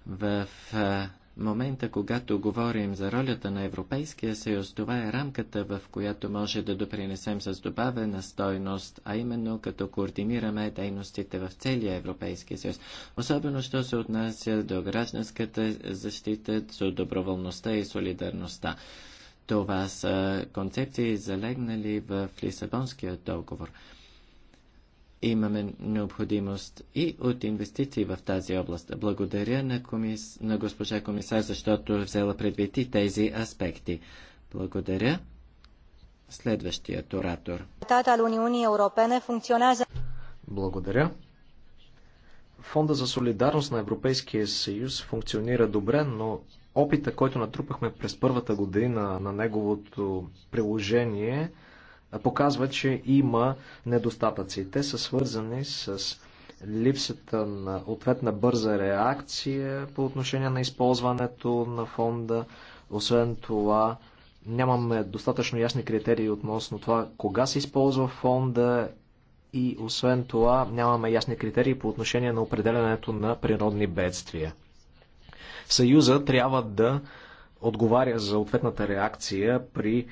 C: В а, момента, когато говорим за ролята на Европейския съюз, това е рамката, в която може да допринесем с добавена стойност, а именно като координираме дейностите в целия Европейския съюз. Особено, що се отнася до гражданската защита, до доброволността и солидарността. Това са концепции, залегнали в Лисабонския договор имаме необходимост и от инвестиции в тази област. Благодаря на, комис... на госпожа комисар, защото е взела предвид и тези аспекти. Благодаря. Следващият оратор.
B: Благодаря. Фонда за солидарност на Европейския съюз функционира добре, но опита, който натрупахме през първата година на неговото приложение, показва, че има недостатъци. Те са свързани с липсата на ответна бърза реакция по отношение на използването на фонда. Освен това, нямаме достатъчно ясни критерии относно това кога се използва фонда и освен това нямаме ясни критерии по отношение на определенето на природни бедствия. Съюза трябва да отговаря за ответната реакция при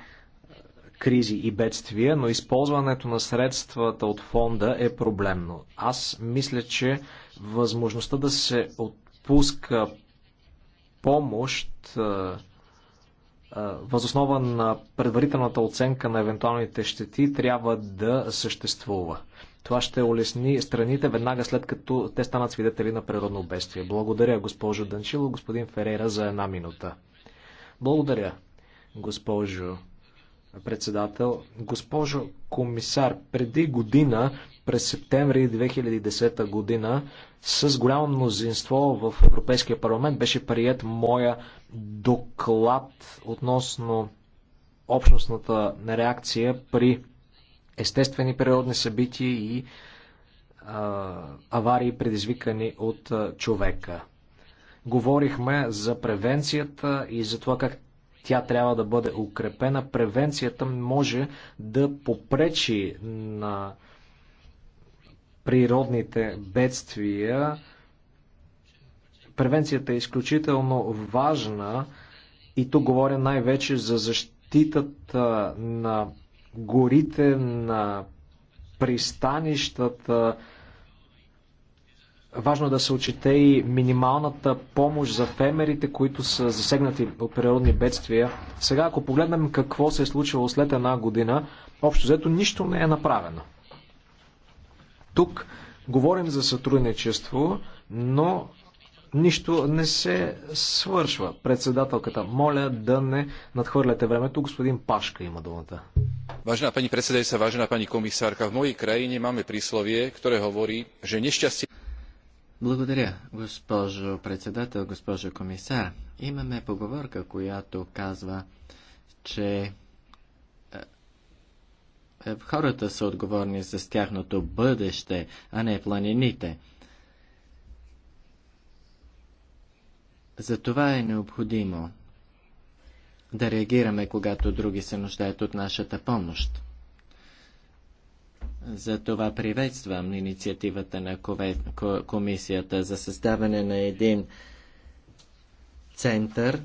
B: кризи и бедствия, но използването на средствата от фонда е проблемно. Аз мисля, че възможността да се отпуска помощ е, е, възоснова на предварителната оценка на евентуалните щети трябва да съществува. Това ще улесни страните веднага след като те станат свидетели на природно бедствие. Благодаря, госпожо Данчило, господин Ферейра, за една минута. Благодаря, госпожо председател. Госпожо комисар, преди година, през септември 2010 година, с голямо мнозинство в Европейския парламент беше прият моя доклад относно общностната реакция при естествени природни събития и а, аварии, предизвикани от а, човека. Говорихме за превенцията и за това как тя трябва да бъде укрепена. Превенцията може да попречи на природните бедствия. Превенцията е изключително важна и тук говоря най-вече за защитата на горите, на пристанищата, Важно е да се отчете и минималната помощ за фермерите, които са засегнати от природни бедствия. Сега, ако погледнем какво се е случило след една година, общо взето нищо не е направено. Тук говорим за сътрудничество, но нищо не се свършва. Председателката, моля да не надхвърляте времето. Господин Пашка има думата.
A: Vážená pani predsedajúca, vážená
C: pani komisárka, v mojej krajine máme príslovie, ktoré hovorí, že nešťastie... Благодаря, госпожо председател, госпожо комисар. Имаме поговорка, която казва, че е, е, хората са отговорни за тяхното бъдеще, а не планините. За това е необходимо да реагираме, когато други се нуждаят от нашата помощ. Затова приветствам инициативата на комисията за създаване на един център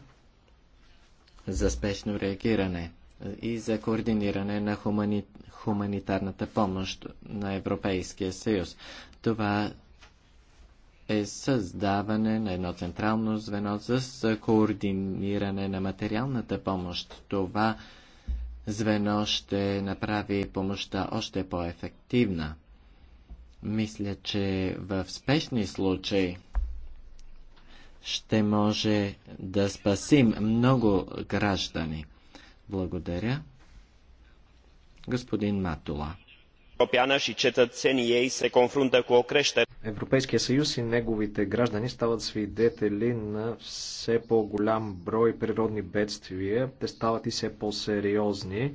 C: за спешно реагиране и за координиране на хумани... хуманитарната помощ на Европейския съюз. Това е създаване на едно централно звено за координиране на материалната помощ. Това е звено ще направи помощта още по-ефективна. Мисля, че в спешни случаи ще може да спасим много граждани. Благодаря. Господин Матула europeană și cetățenii ei se confruntă cu o creștere.
B: Европейския съюз и неговите граждани стават свидетели на все по-голям брой природни бедствия. Те стават и все по-сериозни.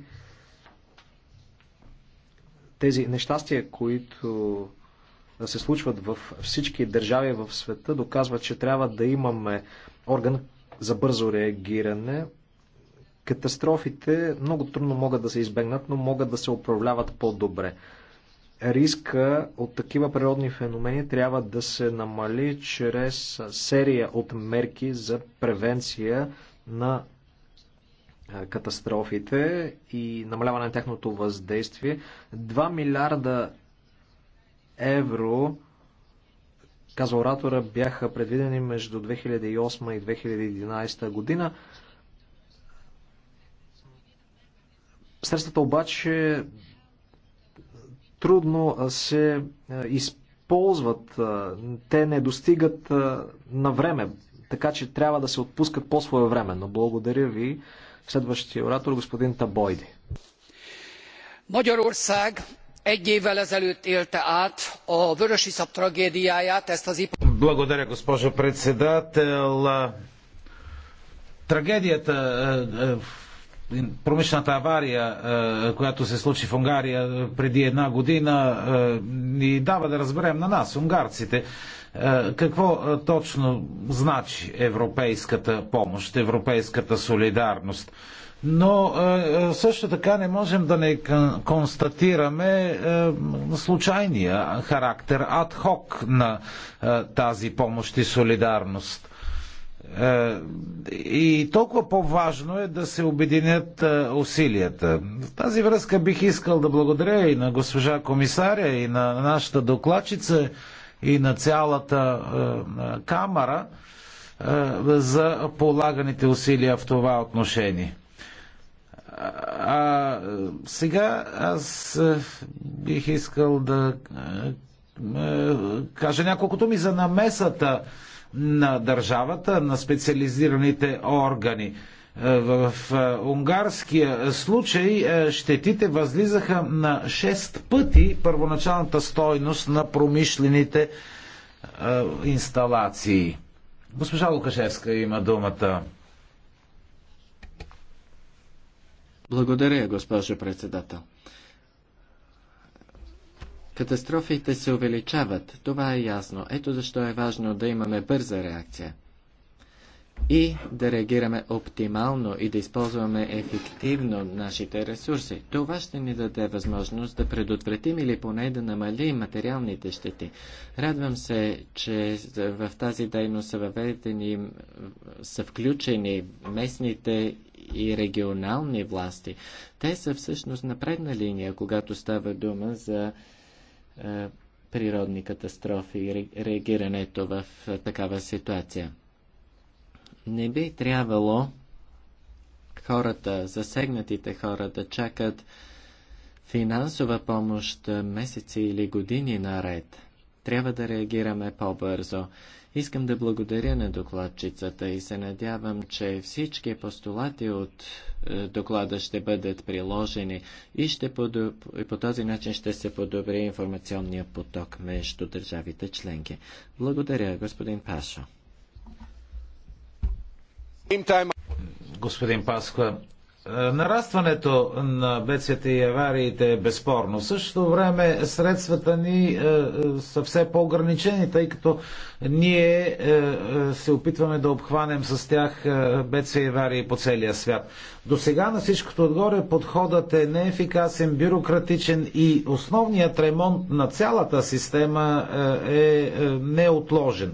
B: Тези нещастия, които се случват във всички държави в света, доказват, че трябва да имаме орган за бързо реагиране, Катастрофите много трудно могат да се избегнат, но могат да се управляват по-добре. Риска от такива природни феномени трябва да се намали чрез серия от мерки за превенция на катастрофите и намаляване на тяхното въздействие. 2 милиарда евро, казва оратора, бяха предвидени между 2008 и 2011 година. Средствата обаче трудно се е, използват, е, те не достигат е, на време, така че трябва да се отпускат по-своевременно. Благодаря ви. Следващия оратор, господин Табойди.
A: Magyarország
C: egy évvel ezelőtt élte át a vörösiszap tragédiáját, ezt az
A: Благодаря, госпожо председател. Трагедията, промишлената авария, е, която се случи в Унгария е, преди една година, е, ни дава да разберем на нас, унгарците, какво точно значи европейската помощ, европейската солидарност. Но също така не можем да не констатираме случайния характер адхок на тази помощ и солидарност е, и толкова по-важно е да се обединят е, усилията. В тази връзка бих искал да благодаря и на госпожа комисаря, и на нашата докладчица, и на цялата е, камара за полаганите усилия в това отношение. А сега аз бих искал да кажа няколкото ми за намесата на държавата, на специализираните органи. Е, в е, унгарския случай е, щетите възлизаха на 6 пъти първоначалната стойност на промишлените инсталации. Госпожа Лукашевска има думата. Благодаря, госпожо председател.
C: Катастрофите се увеличават, това е ясно. Ето защо е важно да имаме бърза реакция и да реагираме оптимално и да използваме ефективно нашите ресурси. Това ще ни даде възможност да предотвратим или поне да намалим материалните щети. Радвам се, че в тази дейност са въведени, са включени местните и регионални власти. Те са всъщност на предна линия, когато става дума за е, природни катастрофи и реагирането в е, такава ситуация. Не би трябвало хората, засегнатите хора да чакат финансова помощ е, месеци или години наред. Трябва да реагираме по-бързо. Искам да благодаря на докладчицата и се надявам, че всички постулати от е, доклада ще бъдат приложени и, ще подоб... и по този начин ще се подобри информационния поток между държавите членки. Благодаря,
A: господин Пашо. Господин Пасква, е, нарастването на бедствията и авариите е безспорно. В същото време средствата ни е, е, са все по-ограничени, тъй като ние се опитваме да обхванем с тях бедствия и аварии по целия свят. До сега на всичкото отгоре подходът е неефикасен, бюрократичен и основният ремонт на цялата система е неотложен.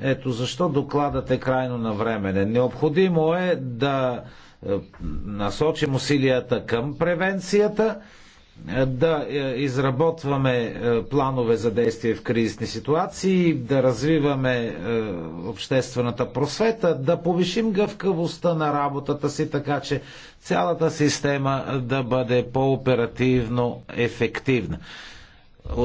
A: Ето защо докладът е крайно навременен. Необходимо е да е, насочим усилията към превенцията, е, да е, изработваме планове за действие в кризисни ситуации, да развиваме обществената просвета, да повишим гъвкавостта на работата си, така че цялата система да бъде по-оперативно ефективна.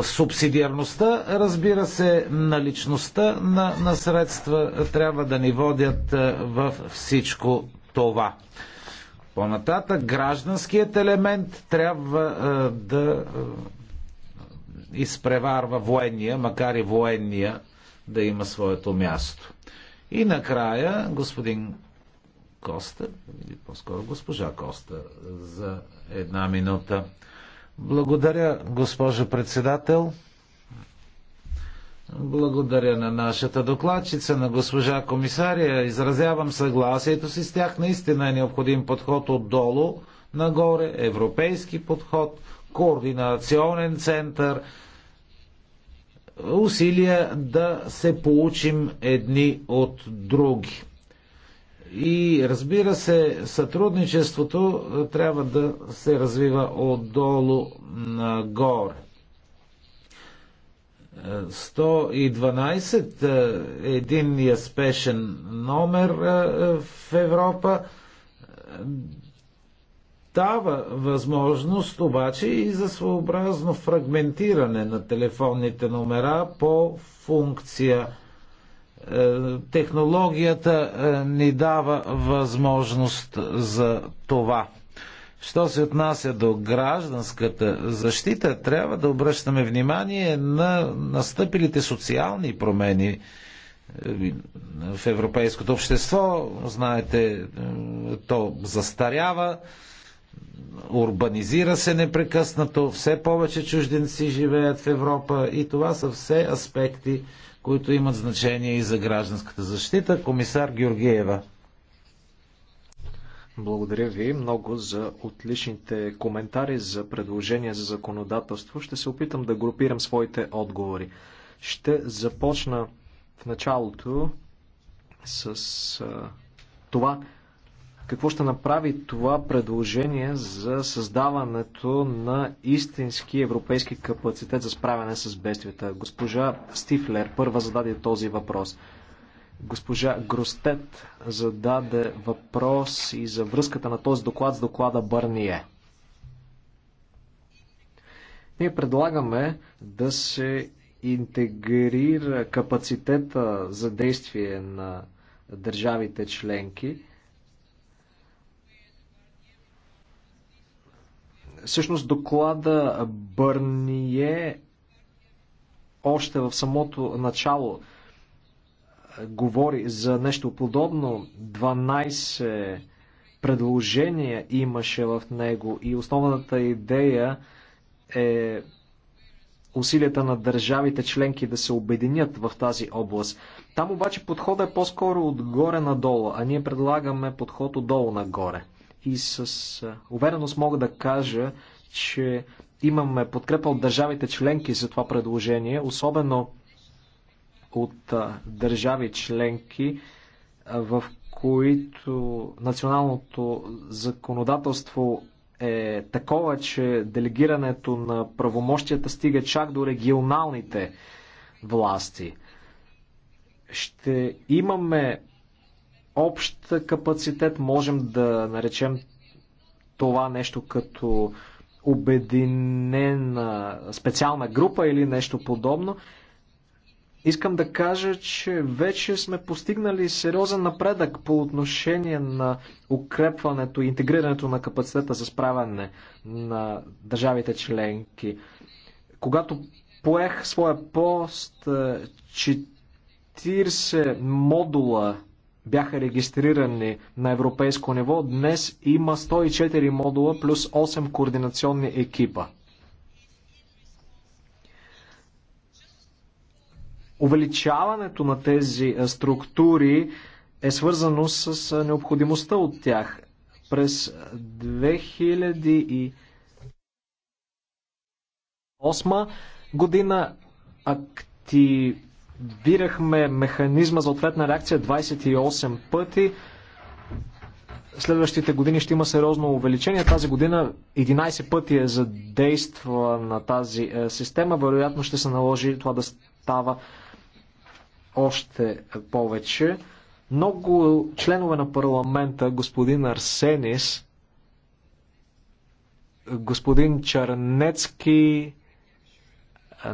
A: Субсидиарността, разбира се, наличността на, на средства трябва да ни водят в всичко това. По-нататък гражданският елемент трябва а, е, да а, е, изпреварва военния, макар и военния да има своето място. И накрая господин Коста, или по-скоро госпожа Коста, за една минута. Благодаря, госпожо председател. Благодаря на нашата докладчица, на госпожа комисария. Изразявам съгласието си с тях. Наистина е необходим подход отдолу нагоре, европейски подход, координационен център, усилия да се получим едни от други. И разбира се, сътрудничеството трябва да се развива отдолу нагоре. 112 е, единния спешен номер е, в Европа дава възможност обаче и за своеобразно фрагментиране на телефонните номера по функция. Е, технологията ни дава възможност за това. Що се отнася до гражданската защита, трябва да обръщаме внимание на настъпилите социални промени е, в европейското общество. Знаете, е, то застарява, урбанизира се непрекъснато, все повече чужденци живеят в Европа и това са все аспекти, които имат значение и за гражданската защита. Комисар Георгиева.
B: Благодаря ви много за отличните коментари, за предложения за законодателство. Ще се опитам да групирам своите отговори. Ще започна в началото с а, това, какво ще направи това предложение за създаването на истински европейски капацитет за справяне с бедствията. Госпожа Стифлер първа зададе този въпрос. Госпожа Гростет зададе въпрос и за връзката на този доклад с доклада Бърние. Ние предлагаме да се интегрира капацитета за действие на държавите членки. Всъщност доклада Бърние още в самото начало говори за нещо подобно. 12 предложения имаше в него и основната идея е усилията на държавите членки да се обединят в тази област. Там обаче подходът е по-скоро отгоре надолу, а ние предлагаме подход отдолу нагоре. И с увереност мога да кажа, че имаме подкрепа от държавите членки за това предложение, особено от държави членки, в които националното законодателство е такова, че делегирането на правомощията стига чак до регионалните власти. Ще имаме общ капацитет, можем да наречем това нещо като обединена специална група или нещо подобно. Искам да кажа, че вече сме постигнали сериозен напредък по отношение на укрепването и интегрирането на капацитета за справяне на държавите членки. Когато поех своя пост, 40 е, модула бяха регистрирани на европейско ниво. Днес има 104 модула плюс 8 координационни екипа. увеличаването на тези структури е свързано с необходимостта от тях. През 2008 година активирахме механизма за ответна реакция 28 пъти. Следващите години ще има сериозно увеличение. Тази година 11 пъти е задейства на тази система. Вероятно ще се наложи това да става още повече. Много членове на парламента, господин Арсенис, господин Чарнецки,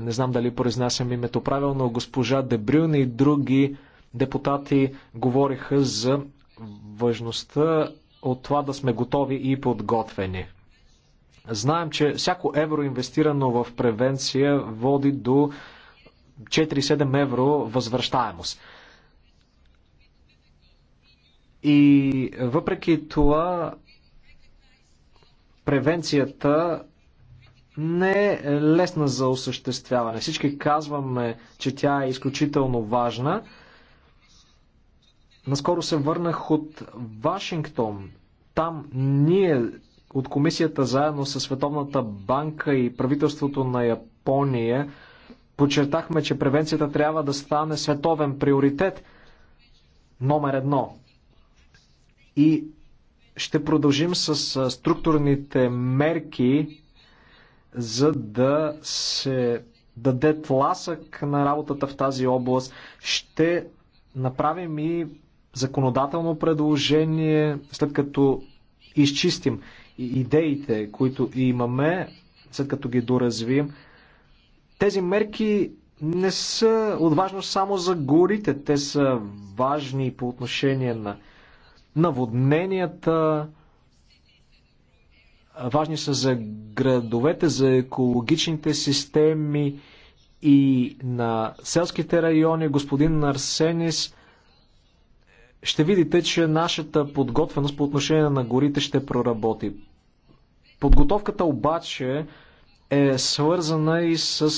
B: не знам дали произнасям името правилно, госпожа Дебрюн и други депутати говориха за важността от това да сме готови и подготвени. Знаем, че всяко евро инвестирано в превенция води до 4,7 евро възвръщаемост. И въпреки това, превенцията не е лесна за осъществяване. Всички казваме, че тя е изключително важна. Наскоро се върнах от Вашингтон. Там ние от комисията заедно с Световната банка и правителството на Япония Подчертахме, че превенцията трябва да стане световен приоритет номер едно. И ще продължим с структурните мерки, за да се даде тласък на работата в тази област. Ще направим и законодателно предложение, след като изчистим идеите, които имаме, след като ги доразвием. Тези мерки не са отважно само за горите, те са важни по отношение на наводненията, важни са за градовете, за екологичните системи и на селските райони. Господин Арсенис, ще видите, че нашата подготвеност по отношение на горите ще проработи. Подготовката обаче е свързана и с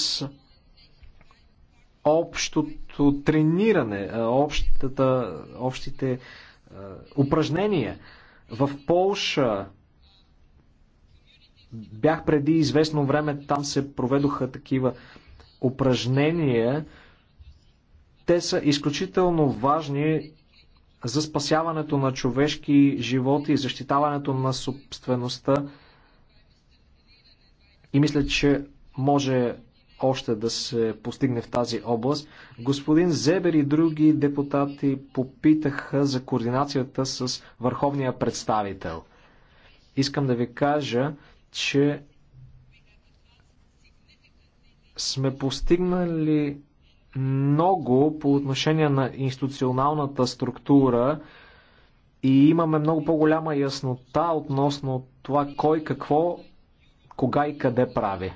B: общото трениране, общата, общите упражнения. В Полша бях преди известно време, там се проведоха такива упражнения. Те са изключително важни за спасяването на човешки животи и защитаването на собствеността и мисля, че може още да се постигне в тази област. Господин Зебер и други депутати попитаха за координацията с върховния представител. Искам да ви кажа, че сме постигнали много по отношение на институционалната структура и имаме много по-голяма яснота относно това кой какво кога и къде прави.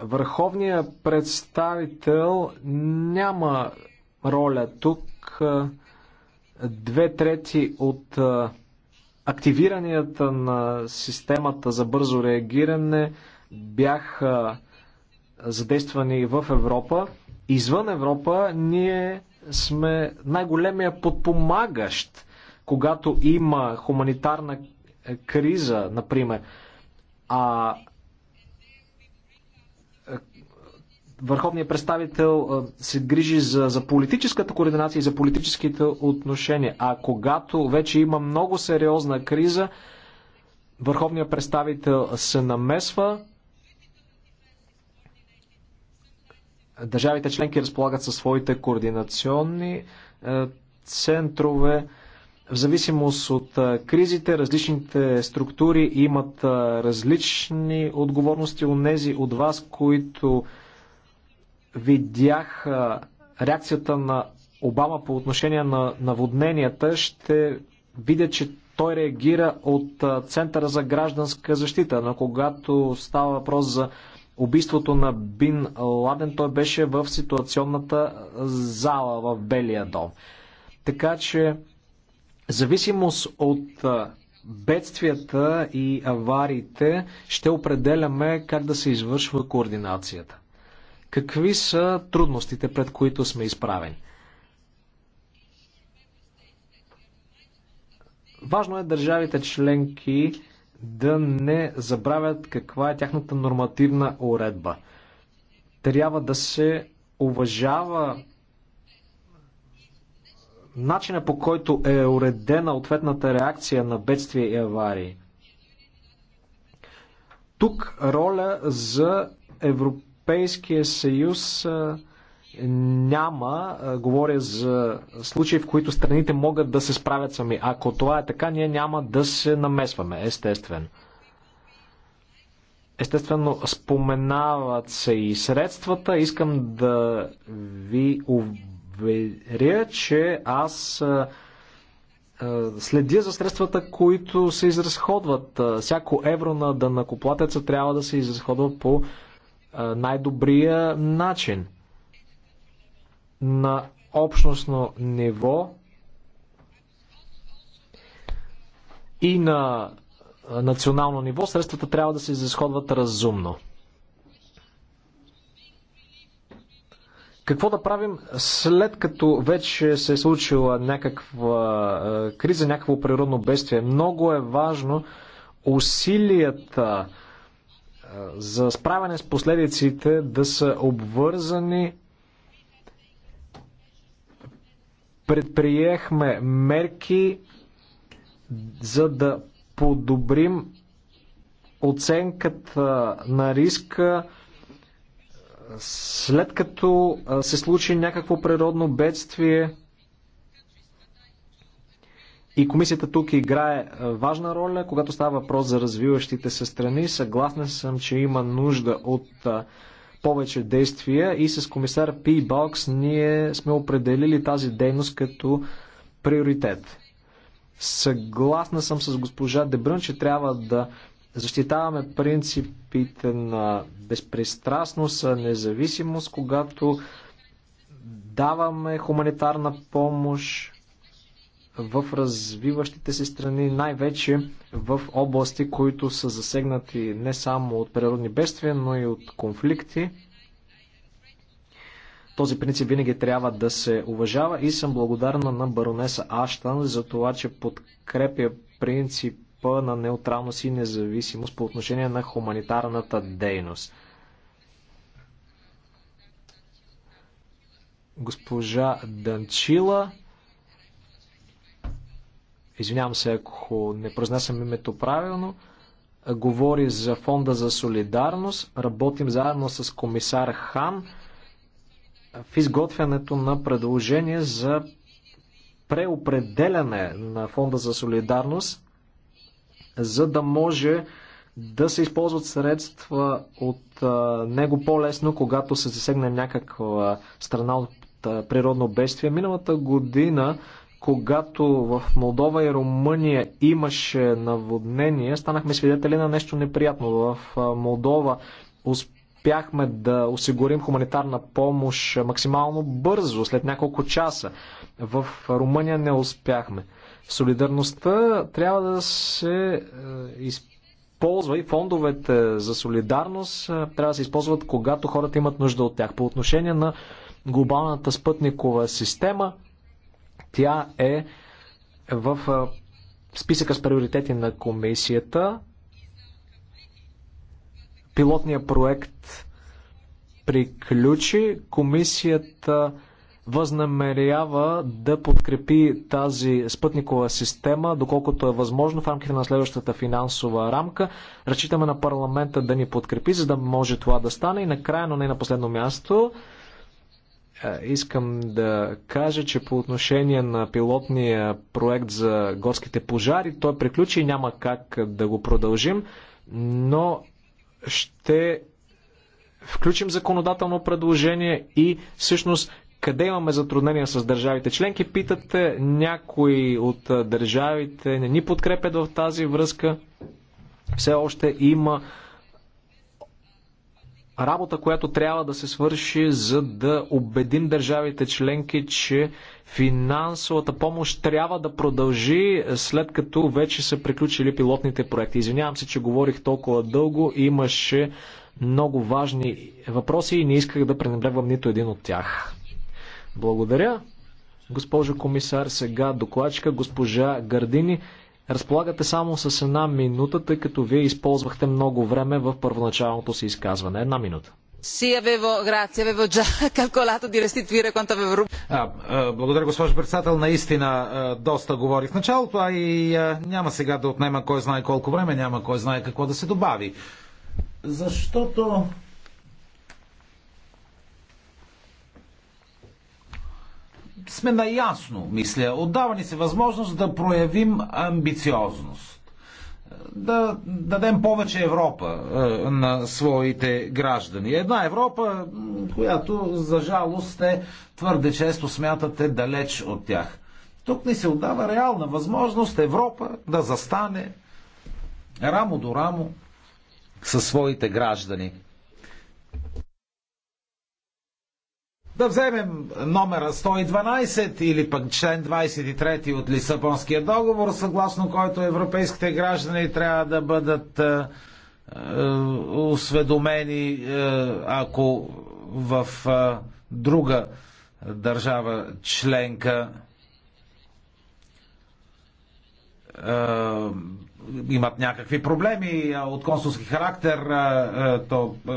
B: Върховният представител няма роля тук. Две трети от активиранията на системата за бързо реагиране бяха задействани в Европа. Извън Европа ние сме най-големия подпомагащ, когато има хуманитарна криза, например, а върховният представител се грижи за, за политическата координация и за политическите отношения. А когато вече има много сериозна криза, върховният представител се намесва. Държавите членки разполагат със своите координационни центрове. В зависимост от кризите, различните структури имат различни отговорности. От тези от вас, които видях реакцията на Обама по отношение на наводненията, ще видя, че той реагира от Центъра за гражданска защита. Но когато става въпрос за убийството на Бин Ладен, той беше в ситуационната зала в Белия дом. Така че зависимост от бедствията и авариите ще определяме как да се извършва координацията. Какви са трудностите, пред които сме изправени? Важно е държавите членки да не забравят каква е тяхната нормативна уредба. Трябва да се уважава начина по който е уредена ответната реакция на бедствия и аварии. Тук роля за Европейския съюз няма. Говоря за случаи, в които страните могат да се справят сами. Ако това е така, ние няма да се намесваме, естествено. Естествено, споменават се и средствата. Искам да ви уверя, че аз следя за средствата, които се изразходват. Всяко евро на данакоплатеца трябва да се изразходва по най-добрия начин. На общностно ниво и на национално ниво средствата трябва да се изразходват разумно. Какво да правим след като вече се е случила някаква е, криза, някакво природно бедствие? Много е важно усилията е, за справяне с последиците да са обвързани. Предприехме мерки за да подобрим оценката на риска след като се случи някакво природно бедствие, и комисията тук играе важна роля, когато става въпрос за развиващите се страни. Съгласна съм, че има нужда от повече действия и с комисар Пи Бокс ние сме определили тази дейност като приоритет. Съгласна съм с госпожа Дебрън, че трябва да защитаваме принципите на безпристрастност, независимост, когато даваме хуманитарна помощ в развиващите се страни, най-вече в области, които са засегнати не само от природни бедствия, но и от конфликти. Този принцип винаги трябва да се уважава и съм благодарна на баронеса Аштан за това, че подкрепя принцип принципа на неутралност и независимост по отношение на хуманитарната дейност. Госпожа Данчила, извинявам се ако не произнасям името правилно, говори за Фонда за солидарност. Работим заедно с комисар Хан в изготвянето на предложение за преопределяне на Фонда за солидарност за да може да се използват средства от а, него по-лесно, когато се засегне някаква страна от а, природно бедствие. Миналата година, когато в Молдова и Румъния имаше наводнение, станахме свидетели на нещо неприятно. В а, Молдова успяхме да осигурим хуманитарна помощ максимално бързо, след няколко часа. В Румъния не успяхме. Солидарността трябва да се е, използва и фондовете за солидарност е, трябва да се използват, когато хората имат нужда от тях. По отношение на глобалната спътникова система, тя е в е, списъка с приоритети на комисията. Пилотният проект приключи. Комисията възнамерява да подкрепи тази спътникова система, доколкото е възможно в рамките на следващата финансова рамка. Разчитаме на парламента да ни подкрепи, за да може това да стане. И накрая, но не на последно място, е, искам да кажа, че по отношение на пилотния проект за горските пожари, той приключи и няма как да го продължим, но ще включим законодателно предложение и всъщност къде имаме затруднения с държавите членки, питате, някои от държавите не ни подкрепят в тази връзка. Все още има работа, която трябва да се свърши, за да убедим държавите членки, че финансовата помощ трябва да продължи след като вече са приключили пилотните проекти. Извинявам се, че говорих толкова дълго. Имаше много важни въпроси и не исках да пренебрегвам нито един от тях. Благодаря. Госпожо комисар, сега докладчика госпожа Гардини. Разполагате само с една минута, тъй като вие използвахте много време в първоначалното си изказване. Една минута.
A: Sì, avevo, grazie, avevo già calcolato di restituire quanto avevo rubato. Благодаря, госпожо председател. Наистина доста говорих в началото, а и няма сега да отнема кой знае колко време, няма кой знае какво да се добави. Защото сме наясно, мисля. Отдава ни се възможност да проявим амбициозност. Да дадем повече Европа е, на своите граждани. Една Европа, която, за жалост, те твърде често смятате далеч от тях. Тук ни се отдава реална възможност Европа да застане рамо до рамо със своите граждани. Да вземем номера 112 или пък член 23 от Лисабонския договор, съгласно който европейските граждани трябва да бъдат е, е, осведомени, е, ако в е, друга държава членка е, имат някакви проблеми от консулски характер, е, е, то е,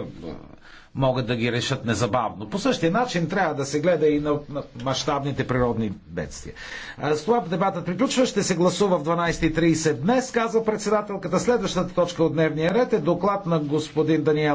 A: могат да ги решат незабавно. По същия начин трябва да се гледа и на, на мащабните природни бедствия. С това дебатът приключва. Ще се гласува в 12.30 днес, казва председателката. Следващата точка от дневния ред е доклад на господин Даниел